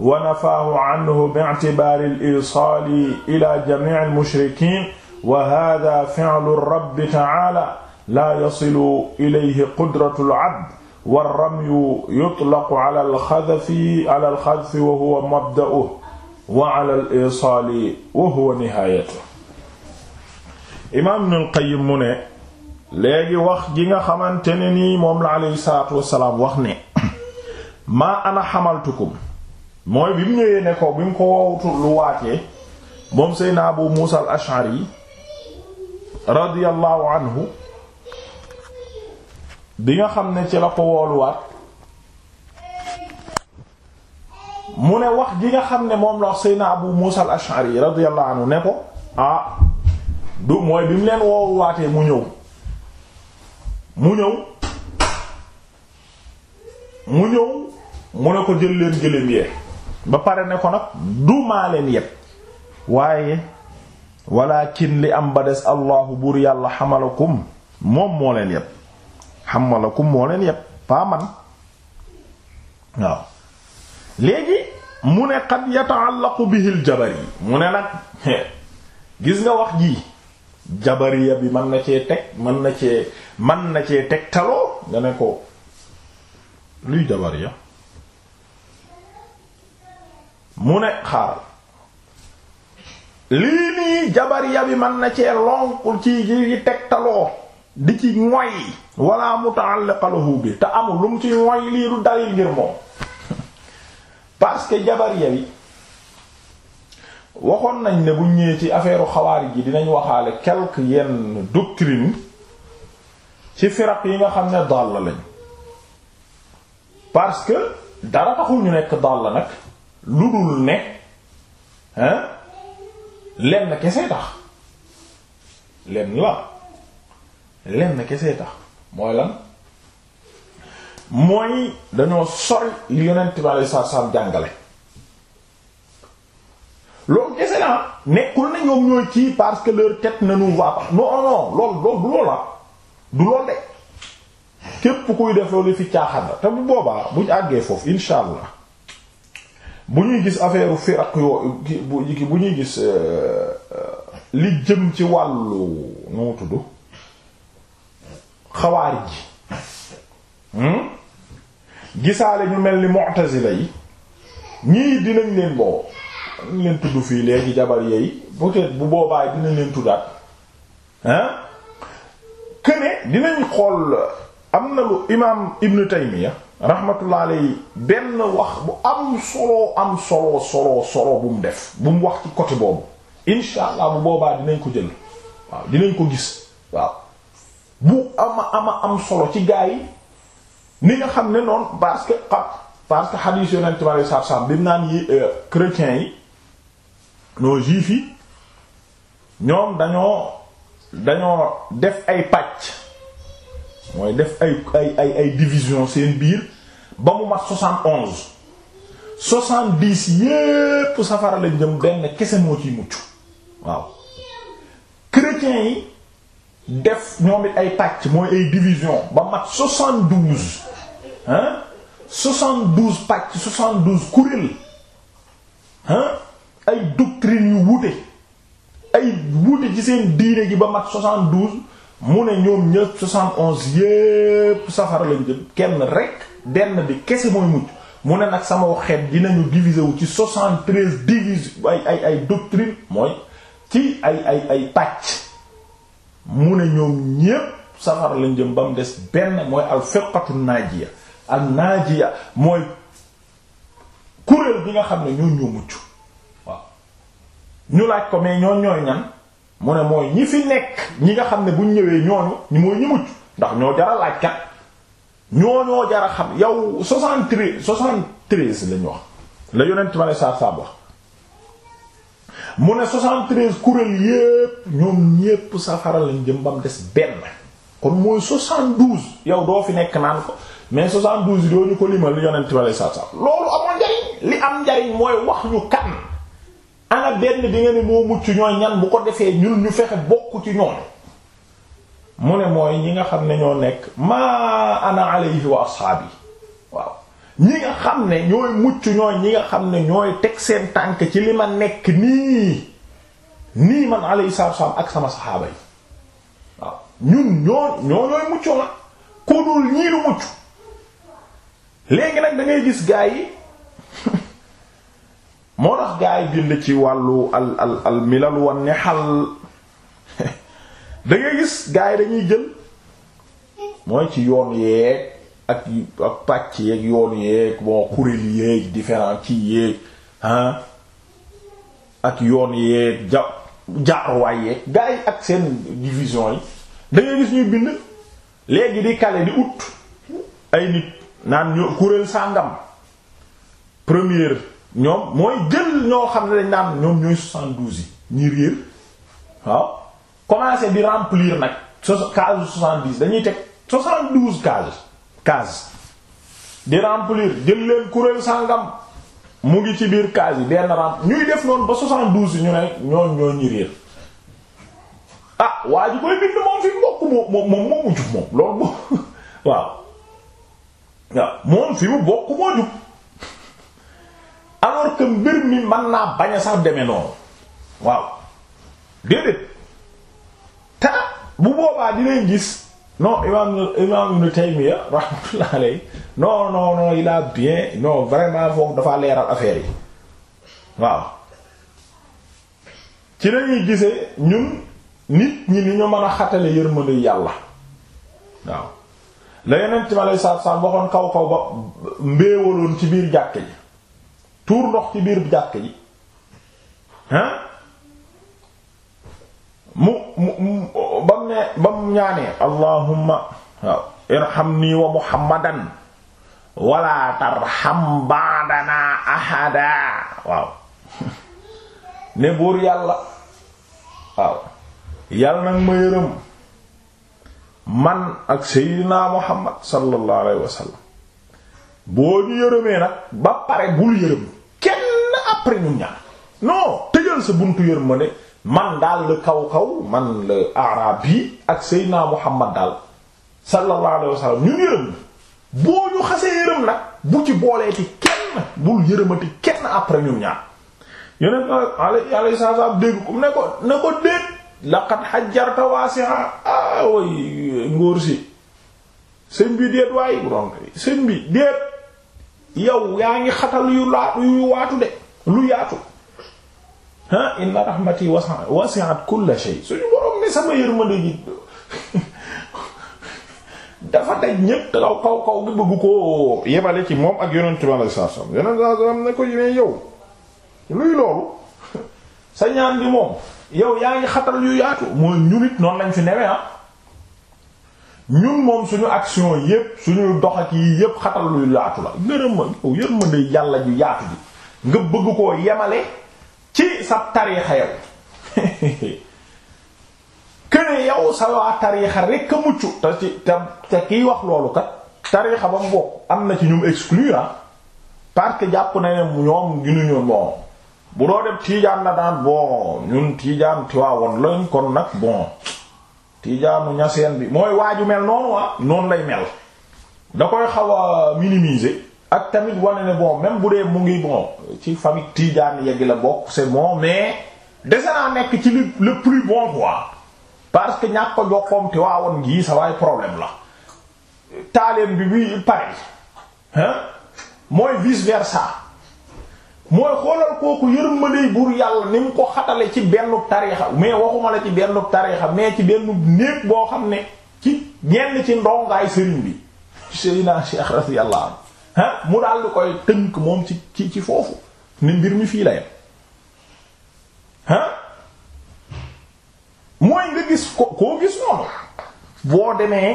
wa nafaahu anhu bi'tibaar al-iisaal ilaa jamii' al-mushrikiin wa haadha fi'lu rabbi ta'aalaa laa yasilu ilayhi qudratu al-'abd war-ramyu yutlaqu 'ala al-khadhafi 'ala al-khadhafi wa huwa mabda'uhu wa 'ala al-iisaal wa huwa nihaayatuhu imaam Ibnul Qayyim mu ne léegi wax ji nga xamante ne nii moom la aleyhi salaatu wasalaam wax ne maa ana xamaltukum mooy bi mu ñëwee ne ko bi mu ko wowtu lu waatee moom Seydina Abu Muusa al radiyallahu anhu bi nga xam ne ci la ko wooluwaat mu ne wax ji nga xam ne moom la wax Seydina Abu Muusa al-Ash'ari radiyallahu anhu ne ko ah, du mooy bi mu leen woowu waatee mu ñëw mu ñëw mu ñëw mu ne ko jël leen gëléem yee ba pare ne ko nag du maa leen yépp waaye walakin li am ba des allahu buur yàlla xamalakum moom moo leen yépp xamalakum moo leen yépp paa man waaw léegi mu ne qad yata'allaqu bihi al jabari mu ne nag gis nga wax jii jabariya bi mën na cee teg mën na cee mën na cee teg taloo nga ne ko luy jabariya mu ne xaaral lii nii jabariya bi mën na cee lonkul ci ci tegtaloo di ci moy wala muta'alliqa lahu bi te amul lu mu ci moy lii du dalil ngir moom parce que jabariya bi waxoon nañ ne bu ñëwee ci affaire xawaari ji dinañ waxaale quelque yenn doctrine ci firaq yi nga xam ne dàll lañ parce que dara taxul ñu nekk dàll nag lu dul ne hein lenn kese tax lenn la lenn kese tax mooy lan mooy dañoo sori li yonent bi aleyhis salaatu was jàngale loolu kese la nekkul na ñoom ñooy kii parce que leur tête ne nous voit pas non non loolu loolu ah. du loolu de képp kuy def loolu fi caaxaan la te bu boobaa buñ àggee foofu insha bu ñuy gis affaire firaq yoo bu ñuy gis euh, li jëm ci wàllu nu tudd xawaari ji hmm? gisaale ñu mel ni mu'tazila yi ñii dinañ leen boo leen tudd fii léegi jabar yeey peut-être bu boobaay dinañ leen tuddaat hein këne dinañ xool am na lu imaam Ibn Taymiya rahmatullah alayhi benn wax bu am solo am solo solo solo bu mu def bu mu wax ci côté boobu insha allah bu boobaa dinañ ko jël waaw dinañ ko gis waaw bu ama ama am solo ci gaa yi ni nga xam ne noon parce que parce que xadiis yonent bi sallallahu alayhi wasallam bi naan yi euh, chrétiens yi noo juif yi ñoom dañoo dañoo def ay pàcc mooy def ay ay ay ay division seen biir ba mu mat soixante onze soixante dix yépp safara lañ jëm benn kese moo ciy mucc waaw chrétiens yi def ñoom it ay pàcc mooy ay division ba mat soixante douze hein soixante douze pàcc soixante douze kuréel hein ay doctrines yu wute ay wute ci seen diine gi ba mat 72 mu ne ñoom ñëpp 71 yépp safara lañ jëm kenn rekk benn bi kese mooy mujj mu ne nag sama xeet dinañu diviser wu ci 73 divise ay ay ay doctrine mooy ci ay ay ay pàcc mu ne ñoom ñépp safara lañ jëm ba mu des benn mooy al firqatu naajiya al naajiya mooy kuréel bi nga xam ne ñoo ñoo mucc ñu laaj ko mais ñoon ñooy ñan mu ne mooy ñi fi nekk ñi nga xam ne buñ ñëwee ñooñu ñu mooy ñi mucc ndax ñoo jara laajkat ñoo ñoo jara xam yow 73 73 lañu wax la yonent ma ne saab saab wax mu ne 73 kuréel yépp ñoom ñépp safara lañ jëm bam des benn kon mooy 72 yow doo fi nekk naan ko mais 72 doo ñu ko limal yonent ma ne saab saab loolu amoon njariñ li am njariñ mooy wax ñu kan ana benn bi nga ne moo mucc ñooy ñan bu ko defee ñun ñu fexe bokk ci ñoom mu ne mooy ñi nga xam ne ñoo nekk maa ana alayhi wa ashaabi waaw ñi nga xam ne ñooy mucc ñooy ñi nga xam ne ñooy teg seen tànk ci li ma nekk nii nii man alayhi salaam ak sama saxaaba yi waaw ñun ñoo ñoo ñooy mucc la ku dul ñii lu mucc léegi nag da gis gaa yi moo tax gaa yi bind ci wàllu al al al milal wan ni xal da ngay gis gaa yi dañuy jël mooy ci yoon yeeg ak ak pàcc yeeg yoon yeeg bon kuréel yeeg différent ci yeeg ah ak yoon yeeg ja jaaruwaay yeeg gaa yi ak seen division yi da gis ñuy bind léegi di kale di ut ay nit naan ñu kuréel sàngam première ñoom mooy jël ñoo xam ne dañ naan ñoom ñooy soixante-douze yi ñi réer waaw commencé di remplir nag case soixante-dix dañuy teg soixante-douze case case di remplir jël leen kuréel sàngam mu ngi ci biir case yi benn ramp ñuy def noonu ba soixante-douze yi ñu ne ñoo ñi ah waa koy bind moom fi bokk moom moom moo mujj moom loolu bo waaw moom fi mu bokk moo jub alors que mbir mi mën naa bañ sax demee noonu waaw déedéet te bu boobaa dinañ gis non imaam imaam Ibn Taymiyya rahmatullah alayhi non bien non vraiment foofu dafaa leeral affaire yi waaw ci lañuy gisee ñun nit ñi ni ñu mën a xatale yërmande yàlla waaw la yeneen ci ma lay saab saab kaw kaw ba mbéewaloon ci biir jàkk yi tuur ndox ci biir jàkk ji ah mu mu bam ne bam ñaanee allahumma waaw irhamni wa muhammadan wala tarham ba'dana ahada waaw ne buur yàlla waaw yàlla nag ma yërëm man ak seydinaa muhammad sallallahu alayhi wa boo ñu yërëmee nag ba pare bul yërëm après ñun tëjal sa buntu yërmande man daal la kaw kaw man la araab yi ak Seydina Muhammad daal sallallahu alayhi wa ñun yërëm boo ñu xasee yërëm nag bu ci booleeti kenn bul yërëmati kenn après ñun ñaar yeneen alayhi salaam dégg ko ne ko ne ko déet laqad hajjarta wasi'a ah way ngóor si sëñ bi déet bu doon sëñ bi déet yow yaa ngi xatal yu laa yu waatu de lu yaatu ah inna rahmati wasi'at wasi'at kulla shay suñu borom ne sama yërmande ji dafa daj ñépp kaw kaw gi bëgg koo yebale ci moom ak yonent bi sallallahu alayhi wasallam yonent sallallahu alayhi wasallam ne yow luy loolu sa ñaan bi moom yow yaa ngi xatal yu yaatu mooy ñun it noonu lañ si newee ah ñun moom suñu action yépp suñu dox ak yi yépp xatal yu yaatu la ngërëm ma yow yërmande yàlla ju yaatu ji nga bëgg koo yemale ci sa tariixa yow kene yow sa waa tariixa rekk a mucc te kiy wax loolu kat tariixa ba mu bokk am na ci ñum exclure ah. parce que jàpp na ne ñoom ginu ñoon bon bu doo dem tiijaan la daan bon ñun tiijaan tiwaawoon lañ kon nag bon tiijaanu ñaseen bi mooy waaju mel noonu waa ah. noonu lay mel da koy xaw a ak tamit wane ne bon même bu dee mu ngi bon ci famille Tidiane yegg la bokk c'est bon mais dese naa nekk ci li le plus bon quoi parce que ñàkk ko jokkoom te waawoon ngi sa waay problème la taaleem bi bi pareil hein mooy vice versa mooy xoolal kooku yërmandey buur yàlla ni mu ko xatale ci benn tariixa mais waxuma la ci benn tariixa mais ci benn néeg boo xam ne ci ñenn ci ndongaay sëriñ bi Seydina Cheikh radiyallahu ah mu daal di koy tënk moom ci ci ci foofu ne mbir mi fii la yem ah mooy nga gis ko koo gis noonu boo demee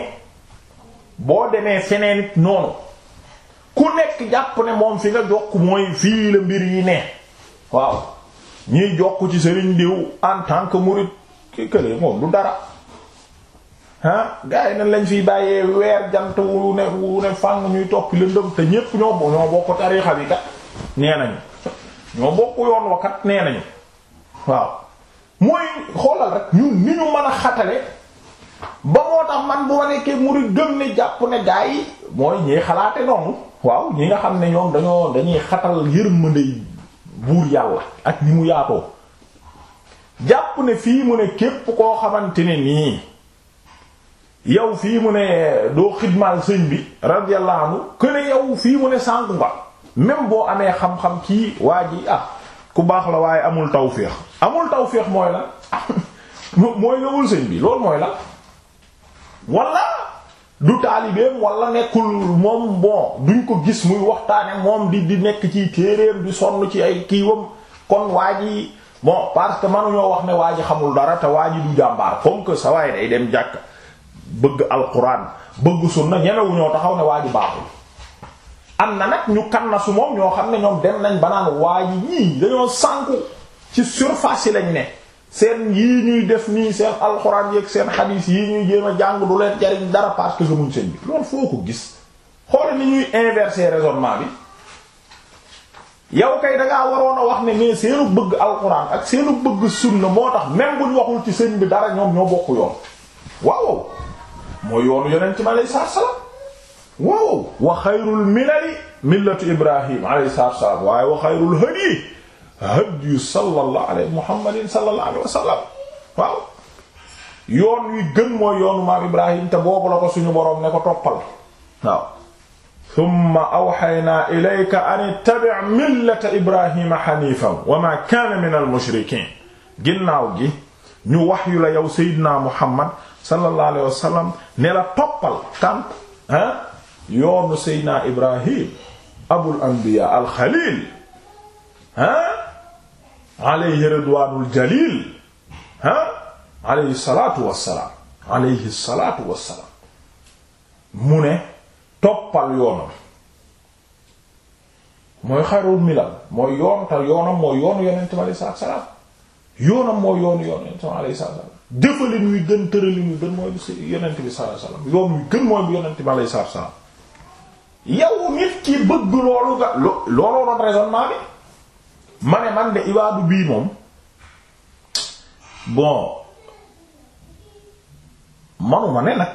boo demee feneen it noonu ku nekk jàpp ne moom fi nga jokk mooy fii la mbir yi ne waaw ñiy jokk ci sëriñ diw en tant que murid kële moom du dara ah gars yi lañ fiy bàyyee weer jant wu ne wu ne fàng ñuy topp lëndëm te ñépp ñoo ñoo bokk tariixa bi kat nee nañu ñoo bokk yoon wa nee nañu waaw mooy xoolal rek ñun ni ñu mën a xatale ba moo tax man bu ma nekkee murid gëm jàpp ne gars yi mooy ñiy xalaate noonu waaw ñi nga xam ne ñoom dañoo dañuy xatal yërmande buur yàlla ak ni mu yaatoo jàpp ne fii mu ne képp koo xamante ne nii yow fii mu ne doo xidmaal sëñ bi radiyallahu anhu que ne yow fii mu ne sànku nga même boo amee xam-xam kii waa ji ah ku baax la waaye amul tawféex amul tawféex mooy la mooy newul sëñ bi loolu mooy la wala du taalibeem wala nekkul moom bon duñ ko gis muy waxtaane moom di di nekk ci téereem di sonn ci ay kiiwam kon waa ji bon parce que ñoo wax ne waa ji xamul dara te waa ji du jàmbaar comme que sa waay day dem jàkk bëgg alquran bëgg sunna ñemewu ñoo taxaw ne waa ji baaxul am na nag ñu kan na su moom ñoo xam ne ñoom dem nañ banaan waa ji ñii dañoo sànku ci surface yi lañ ne seen yii ñuy def nii seen alxuraan yeeg seen xadiis yi ñuy jéem a jàng du leen jariñ dara parce que gëmuñ seen bi loolu foo ko gis xoole ni ñuy inverser raisonnement bi yow kay dangaa waroon a wax ne mais seenu bëgg alxuraan ak seenu bëgg sunna moo tax même buñ waxul ci sëñ bi dara ñoom ñoo bokk yoon waaw mooy yoonu yonent mi alayhi salaatu salaam waaw wa xayrul milali millatu ibrahim alayhi salaatu salaam waaye wa xayrul hadyi hadyu sallallahu alayhi muhammadin sallallahu alayhi wa sallam waaw yoon wi gën mooy yoonu maam ibrahim te boobu la ko suñu boroom ne ko toppal waaw thumma awhaynaa ilayka an ittabi' millata ibrahima hanifan wa ma kaana minal mushrikiin ginnaaw gi ñu wax la yow Seydina Muhammad sallallahu alayhi wasallam ne la toppal kan ah yoonu Seydina Ibrahim abul anbiya al xalil ah alayhi ridwanul jalil ah alayhi salatu mu ne toppal yoonam mooy xarul milal mooy yoon te yoonam mooy yoonu yonente mi alayhi salaatu wasalaam yoonam mooy yoonu yoon yonent bi alayhi salaam jëfalin wi gën tëralin wi gën mooy bi yonent bi sallallahu alayhi wasallam yoon wi gën mooy bi yonent bi alayhi salaam yow nit ki bëgg loolu nga looloo doon raisonnement bi ma ne man de ibaadu bii moom bon manuma ne nag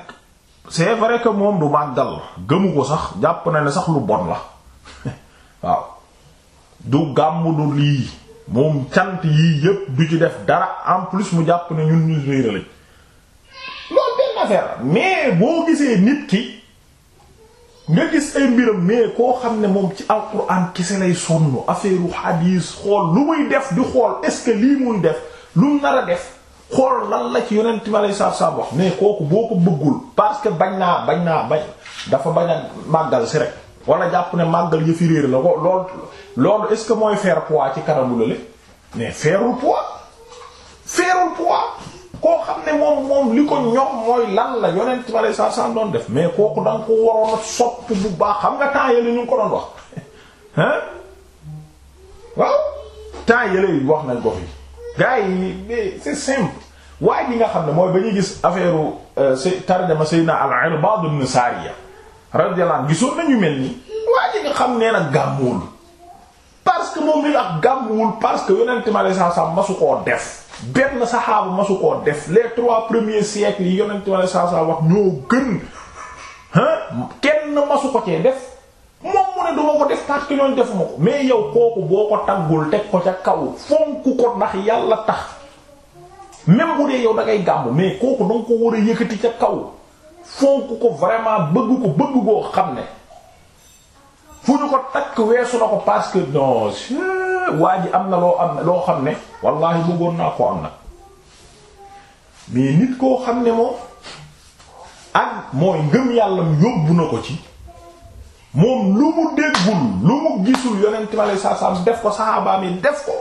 c'est vrai que moom du màggal gëmu ko sax jàpp na ne sax lu bon la waaw du gàmm du lii moom cant yii yépp du ci def dara en plus mu jàpp ne ñun ñu réer lañ loolu benn affaire mais boo gisee nit ki nga gis ay mbiram mais koo xam ne moom ci alquran kese lay sonn affaire u xadiis xool lu muy def di xool est-ce que lii mun def lu mu nar a def xool lan la ci yonent ma lay saab saab wax mais kooku boo ko bëggul parce que bañ naa bañ naa bañ dafa bañ a màggal si rek wala jàpp ne màggal yëfi réer la ko lool loolu est-ce que mooy faire poids ci kanamu lële mais fairul poids fairul poids koo xam ne moom moom li ko ñox mooy lan la yonent ma lay sarsan doon def mais kooku da ko waroon a sopp bu baax xam nga temps yële ñu ko doon wax hein waaw temps yi wax nañ ko fi gars yi c'est simple waaye yi nga xam ne mooy ba ñuy gis affaire u euh, tarjama Sayyidina al-Irbad ibn Sariya radiyallahu gisoon nañu mel nii waa ji xam nee na gàmmuwul parce que moom li wax gàmmuwul parce que yonent mi alayhi salaam masu koo def benn saxaaba masu koo def les trois premiers siècles yi yonent mi alayhi salaam wax ñoo gën hein kenn masu ko cee def moom mu ne duma ko def parce que ñooñ defuma ko mais yow kooku boo ko taggul teg ko ca kaw fonk ko ndax yàlla tax même bu dee yow da ngay gàmmu mais kooku danga ko war a yëkkati ca kaw fonk ko vraiment bëgg ko bëgg koo xam ne fu ñu ko takk weesu na ko parce que non waa ji am na loo am na loo xam ne wallaahi bëggoon naa ko am na mais nit koo xam ne moom ak mooy ngëm yàlla mu yóbbu na ko ci moom lu mu déggul lu mu gisul yonent ma lay saa saa def ko saxaabaam yi def ko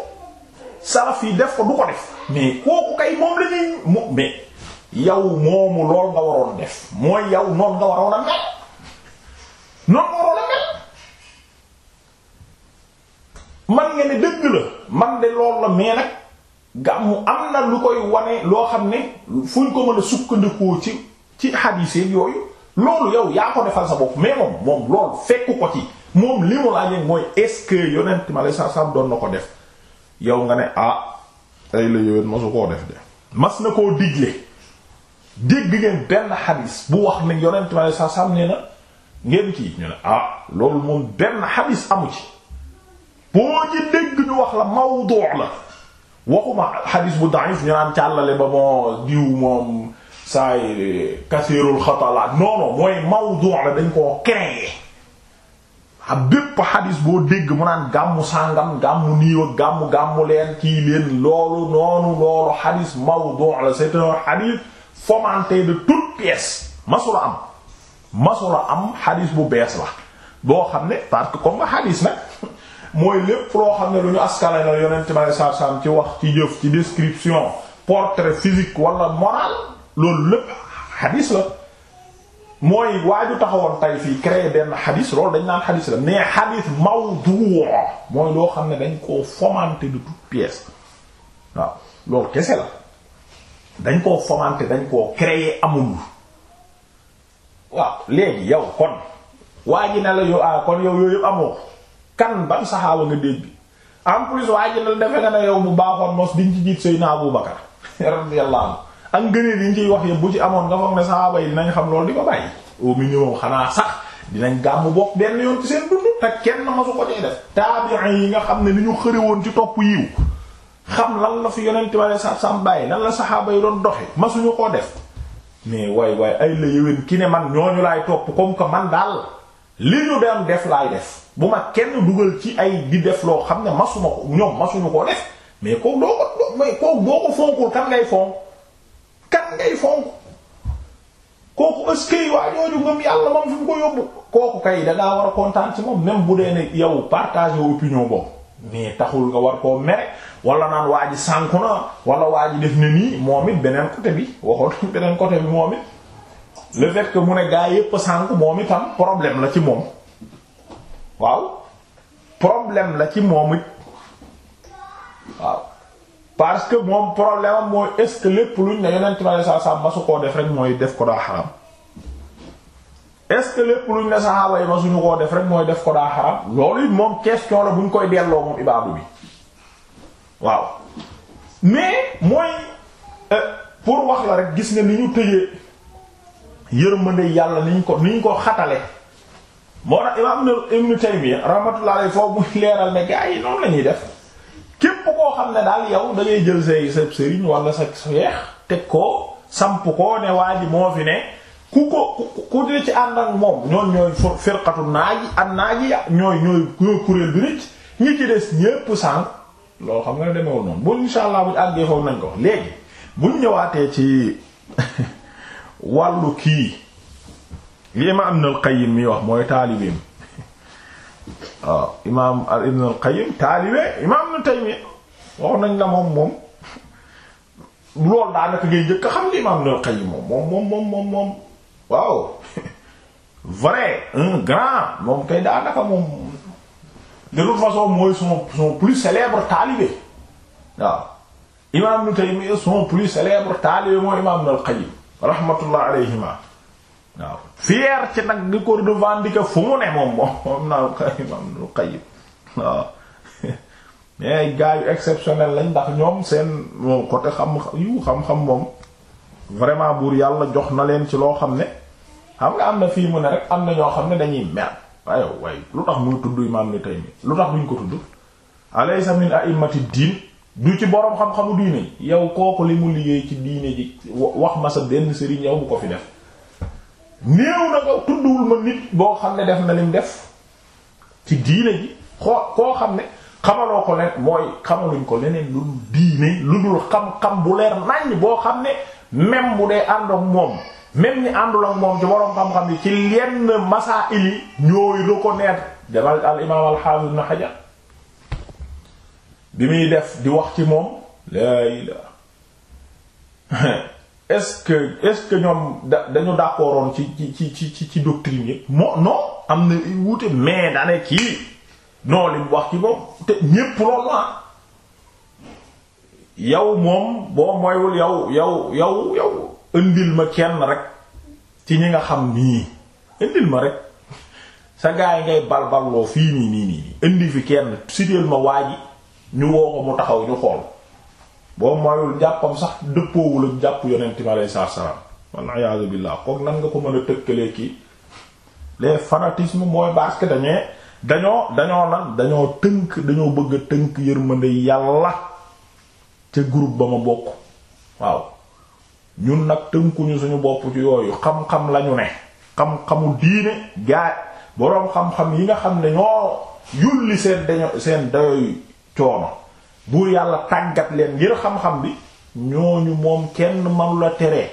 salaf yi def ko du ko def mais kooku kay moom lañuy moom mais yow moomu lool nga waroon def mooy yow noon nga waroon a mel noon nga waroon a mel man nga ne dëgg la man de lool la mais nag gàmmu am na lu koy wane loo xam ne fuñ ko mën a sukkandikoo ci ci xadiisee yooyu loolu yow yaa ko defal sa bopp mais moom moom loolu fekku ko ci moom li mu laaj mooy est-ce que yonent ma lay sarsam doon na ko def yow nga ne ah ay la yowén masu koo def de mas na koo digle dégg ngeen benn xadis bu wax ne yonent sa ne saa ngeen kii ñu ne ah, loolu moom benn xadis amu ci boo ci dégg ñu wax la mawdu la waxuma xadis bu da'if ñu naan càllale ba moo diw moom saa yi kasirul xatalaat non mooy mawdu la dañ koo a ab bépp xadis boo dégg mu naan gàmmu sàngam gàmmu niiwa gàmmu gàmmu leen kii leen loolu noonu loolu xadis mawdu la c'est un xadis fomenté de toutes pièces masula am masula am xadis bu bees la boo xam ne parce que comme nga xadis nag mooy lépp loo xam ne lu ñu askale la yonent ma lay sarsam ci wax ci jëf ci description portrait physique wala moral loolu lépp xadis la mooy waaju taxawoon tay fii créé benn xadis loolu dañ naan xadis la mais xadis mawdu mooy loo xam ne dañ koo fomenté de toutes pièces waaw loolu kese la dañ koo fomenter dañ koo créer amul waaw léegi yow kon waa ji la yow ah kon yow yooyu yëpp amoo kan ban saxaaba nga dégg en plus waa ji ne defe nga ne yow bu baaxoon mos diñ ci jiit Seydina Abu Bakar radiyallahu anhu ak ngëneel yi ñu ciy wax yëpp bu ci amoon nga foog ne saxaaba yi dinañ xam loolu di ko bàyyi au minimum xanaa sax dinañ gàmmu bokk benn yoon ci seen dund te kenn masu ko dee def taabi'in yi nga xam ne ni ñu xëre woon ci topp yiw xam lan la fi yonent wala sa sam bàyyi lan la saxaaba yi doon doxe masuñu koo def mais waay waay ay la yëwén ki ne man ñooñu laay topp comme que man daal li ñu doon def laay def bu ma kenn dugal ci ay di def loo xam ne masuma ko ñoom masuñu koo def mais kooku doo ko mais kooku boo ko fonkul kan ngay fonk kan ngay fonk kooku waa ñooñu ngëm yàlla moom fi ko yóbbu kooku kay dangaa war a kontaan ci moom même bu dee ne yow partage opinion boobu mais taxul nga war koo mere wala naan waa ji sànku na wala waa ji def na nii moom it beneen côté bi waxoon beneen côté bi moom it le fait mu ne gaa yëpp sànku moom itam problème la ci moom waaw problème ci moom it waaw parce que moom problème am mooy est lépp luñ ne yonent bi sallallahu alayhi wasallam koo def rek mooy def ko daa xaram est lépp luñ ne saxaaba yi masuñu koo def rek mooy def ko daa xaram moom question la buñ koy delloo moom ibaadu bi. waaw mais mooy euh, pour wax la rek gis nga ni ñu ma yërmande yàlla ni ko ni ko xatale moo tax imaam Ibn Taymiyya rahmatullahi alayhi foofu muy leeral ne gaa yi noonu la def képp koo xam ne daal yow da ngay jël say sa sëriñ wala sa seex teg ko samp ko ne waa ji moo fi ne ku ko ku di ci ànd ak moom ñoon ñooy firqatu naaji an naaji ñooy ñooy ñooy kuréel bi rëcc ñi ci des ñépp sànq. loolu xam nga ne demeewul noonu bu insha allah buñ àggee foofu nañ ko wax léegi buñ ñëwaatee ci wàllu kii li imaam Ibn al-Qayyim mi wax mooy taalibeem waaw imaam Ibn al-Qayyim taalibe imaam Ibn Taymiyya wax nañ la moom moom loolu daanaka ngay njëkk a xam li imaam Ibn al-Qayyim moom moom moom moom moom waaw vrai un grand moom kay daanaka moom. de toute façon mooy son son plus célèbre taalibe waaw imam Ibn Taymiyya son plus célèbre taalibe mooy imam na al-Qayyim rahmatullah alayhima waaw fier ci nag di ko revendiquer fu mu ne moom moom moom naa imam waaw mais gars yu exceptionnel lañ ndax ñoom seen moom côté xam yu xam-xam moom vraiment buur yàlla jox na leen ci loo xam ne xam nga am na fii mu ne rek am na ñoo xam ne dañuy mer Ah, waaye waaye lu tax muy tudd imaam ni tey mi lu tax duñ ko tudd alaysa min a'immati diin du ci boroom xam-xamu diine yow kooku li mu liggéey ci diine ji wax ma sa benn sëriñ yow bu ko fi def néew na ko tudduwul ma nit boo xam ne def na lim def ci diine ji xoo koo xam ne xamaloo ko leen mooy xamaluñ ko leneen lu dul diine lu dul xam-xam bu leer nañ boo xam ne même bu dee àndoog moom même ni àndul ak moom ci borom xam-xam yi ci lenn masaa'il yi ñooy reconnaître demal al imaam al hafiz ibn bi muy def di wax ci moom laa ilaa est-ce que est ñoom da dañu d'accordoon ci ci ci ci ci doctrine yëpp moo non am na wuute mais daanee kii non li wax ci moom te ñépp loolu yow moom boo moywul yow yow yow yow indil ma kenn rek ci ñi nga xam nii indil ma rek sa gaa yi ngay balballoo fii nii nii nii indi fi kenn siteel ma waa ji ñu woo mu taxaw ñu xool boo moyul jàppam sax dëppoowul ak jàpp yonent mi aleyhi salaatu salaam wal iyaadu billaah kook nan nga ko mën a tëkkalee kii les fanatisme mooy parce que dañee dañoo dañoo lan dañoo tënk dañoo bëgg a tënk yërmande yàlla ca groupe ba ma bokk waaw ñun nag tënkuñu suñu boppu ci yooyu xam-xam lañu ne xam-xamu diine gaay boroom xam-xam yi nga xam ne ñoo yulli seen daño seen dayoy coono buur yàlla tàggat leen ngir xam-xam bi ñooñu moom kenn manu la teree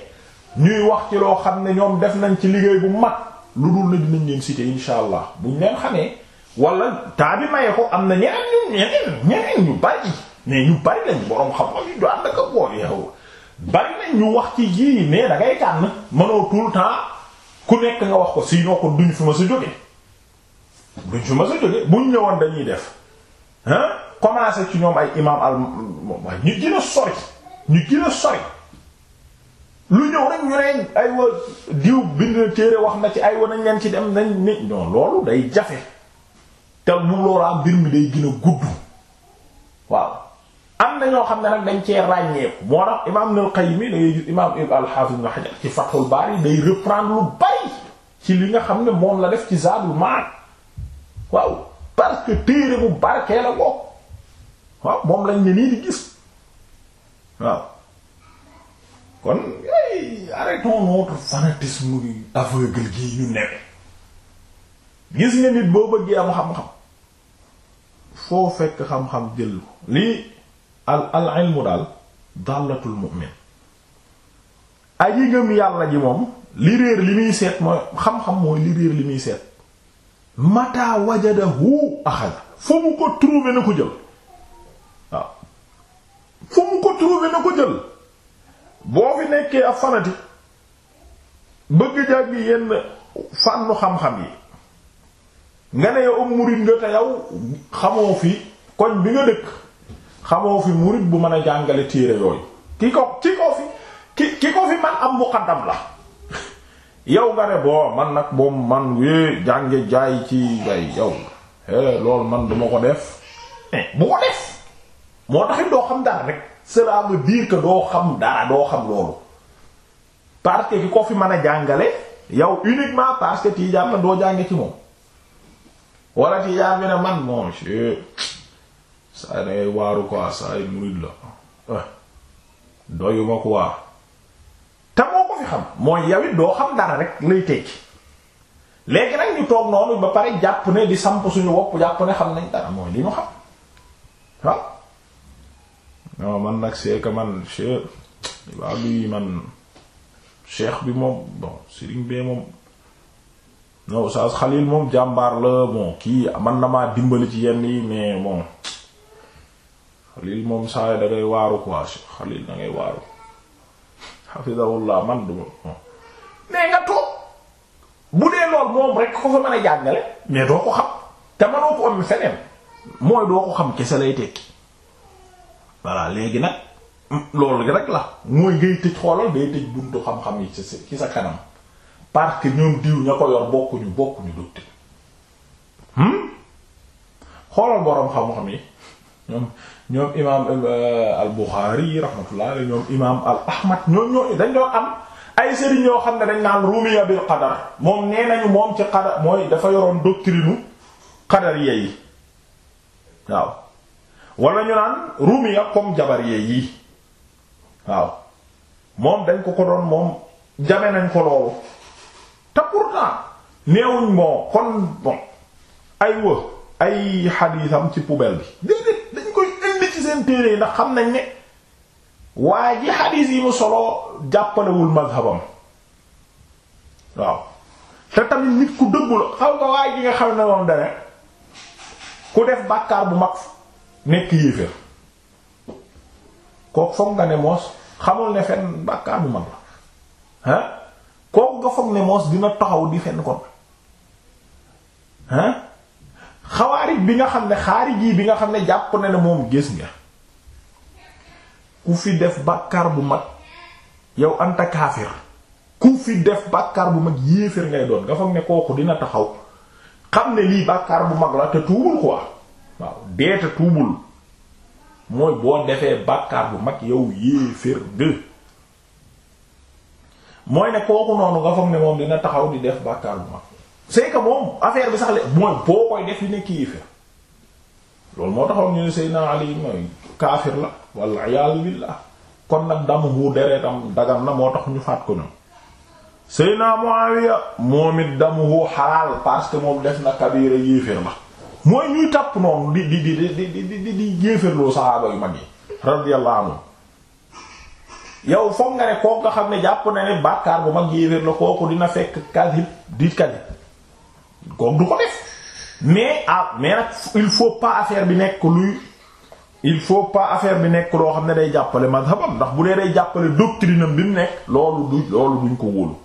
ñuy wax ci loo xam ne ñoom def nañ ci liggéey bu mag lu dul na dinañ leen cité insha allah buñ leen xamee wala taa bi maye ko am na ñeneen ñu ñeneen ñeneen ñu bari mais ñu bari lañ boroom xam-xam yi do ànd ak boobu yow bari nañ ñu wax ci yii ne da ngay tànn mënoo tout le temps ku nekk nga wax ko sinon ko duñ fi ma sa jóge duñ fi ma sa jóge buñ ñëwoon dañuy def ah commencé ci ñoom ay imam al ñu gën sori ñu gën a sori lu ñëw rek ñu ne ay wa diw bind na téere wax na ci ay wa nañ leen ci dem nañ ni non loolu day jafe te mu loolaa mbir mi day gën gudd waaw am na ñoo xam ne nag dañ cee ràññeeku moo tax imaam Ibnul Qayyim da ngay gis imaam al-Hafiz Ibn Hajar ci Fathul Bari day reprendre lu bari ci li nga xam ne moom la def ci Zaadul Ma'ad waaw parce que téere bu barkee la bokk moom lañ ne nii di gis waaw kon ay arrêtons notre fanatisme aveugle gi ñu newee gis nga nit boo bëggee am xam-xam foo fekk xam-xam jël lii. al al ilmu daal dàllatul mu'min aji ngëm yàlla ji moom li réer li muy seet mooy xam-xam mooy li muy seet mata wajadahu axada mu ko trouver na ko jël waaw mu ko trouver na ko jël boo fi nekkee ab fanatique bëgg jàgg yenn fànnu xam-xam yi nga ne yow am nga te yow xamoo fi koñ bi nga dëkk xamoo fi murid bu mën a jàngale téere yooyu ki ko ki ko fi ki ki ko fi man am muqaddam la yow nga ne boo man nag boobu man wee jànge jaay ci bay yow eh, loolu man duma ko def eh, bu ko def moo taxit doo xam dara rek cela veut dire que doo xam dara doo xam loolu parce que ki ko fi mën a jàngale yow uniquement parce que tiijaan la doo jànge ci moom wala tiijaan ne man moom monsieur saa dangay waaru quoi saa yi murid la doyuma quoi te moo ko fi xam mooy yawit doo xam dara rek lay tekki léegi nag ñu toog noonu ba pare jàpp ne di samp suñu bopp jàpp ne xam nañ dara mooy li ñu xam waaw non man nag c'est que man cheikh waa bi man cheikh bi moom bon Serigne bee moom non Oustaz Khalil moom jàmbaar la bon kii man na maa dimbali ci yenn yi mais bon xalil moom saa yi da ngay waaru quoi xalil da ngay waaru hafizahullah man du ma mais nga toog bu dee lool moom rek ko fa mën a jàngale mais doo ko xam te mënoo ko am feneen mooy doo ko xam kese lay tekki voilà léegi nag mm, loolu rek la mooy ngay tëj xoolal day tëj buntu xam-xam yi ci sa kanam parce que ñoom diw ña ko yor bokkuñu bokkuñu doctrine hmm? xoolal boroom xam-xam yi ñoom imaam euh, al Bukhari rahmatullah alayhi ñoom imaam al Ahmad ñoom ñoo dañ doon am ay sëriñ yoo xam ne dañ naan rumiya bil qadar moom nee nañu moom ci qadar mooy dafa yoroon doctrine qadar yi waaw wala ñu naan yi waaw moom dañ ko ko doon moom jame nañ ko loolu te pourtant neewuñ moo kon ay wë ay xadiisam ci poubelle bi seen téere yi ndax xam nañ ne waa ji xadiis yi mu solo jàppalewul mazhabam waaw te tamit nit ku dëggu la xaw nga waa ji nga xam ne moom dane ku def bàkkaar bu mag nekk yéeféer kooku foog nga ne moos xamul ne fenn bàkkaar bu mag la ah kooku nga foog ne moos dina taxaw di fenn kon ah xawaarij bi nga xam ne xaarij yi bi nga xam ne jàpp na ne moom gis nga ku fi def bàkkaar bu mag yow anta ku fi def bàkkaar bu mag yéeféer ngay doon nga foog ne kooku dina taxaw xam ne lii bàkkaar bu mag la te tuubul quoi waaw dee te tuubul mooy boo defee bàkkaar bu mag yow yéeféer de mooy ne kooku noonu nga foog ne moom dina taxaw di def bàkkaar bu mag c'est que moom affaire bi sax le mooy boo koy def li nekk yéeféer loolu moo taxaw ñu ne Seydina Ali mooy kaafir la walla iyaazu billaah kon nag damuhu deretam dagan na moo tax ñu faat ko ñoom Seydina Muawiya moom it damuhu xalaal parce que moom def na kabira yéeféer la mooy ñuy tàpp noonu di di di di di di yéeféerloo yu mag yi radiyallahu anhu yow foog nga ne kooku nga xam ne jàpp na ne bàkkaar bu mag yéeféer la kooku dina fekk kadib di kadib kooku du ko def mais ah mais nag il faut pas affaire bi nekk luy il faut pas affaire bi nekk loo xam ne day jàppale man mazhabam ndax bu dee day jàppale doctrine am bi mu nekk loolu du loolu duñ ko wóolu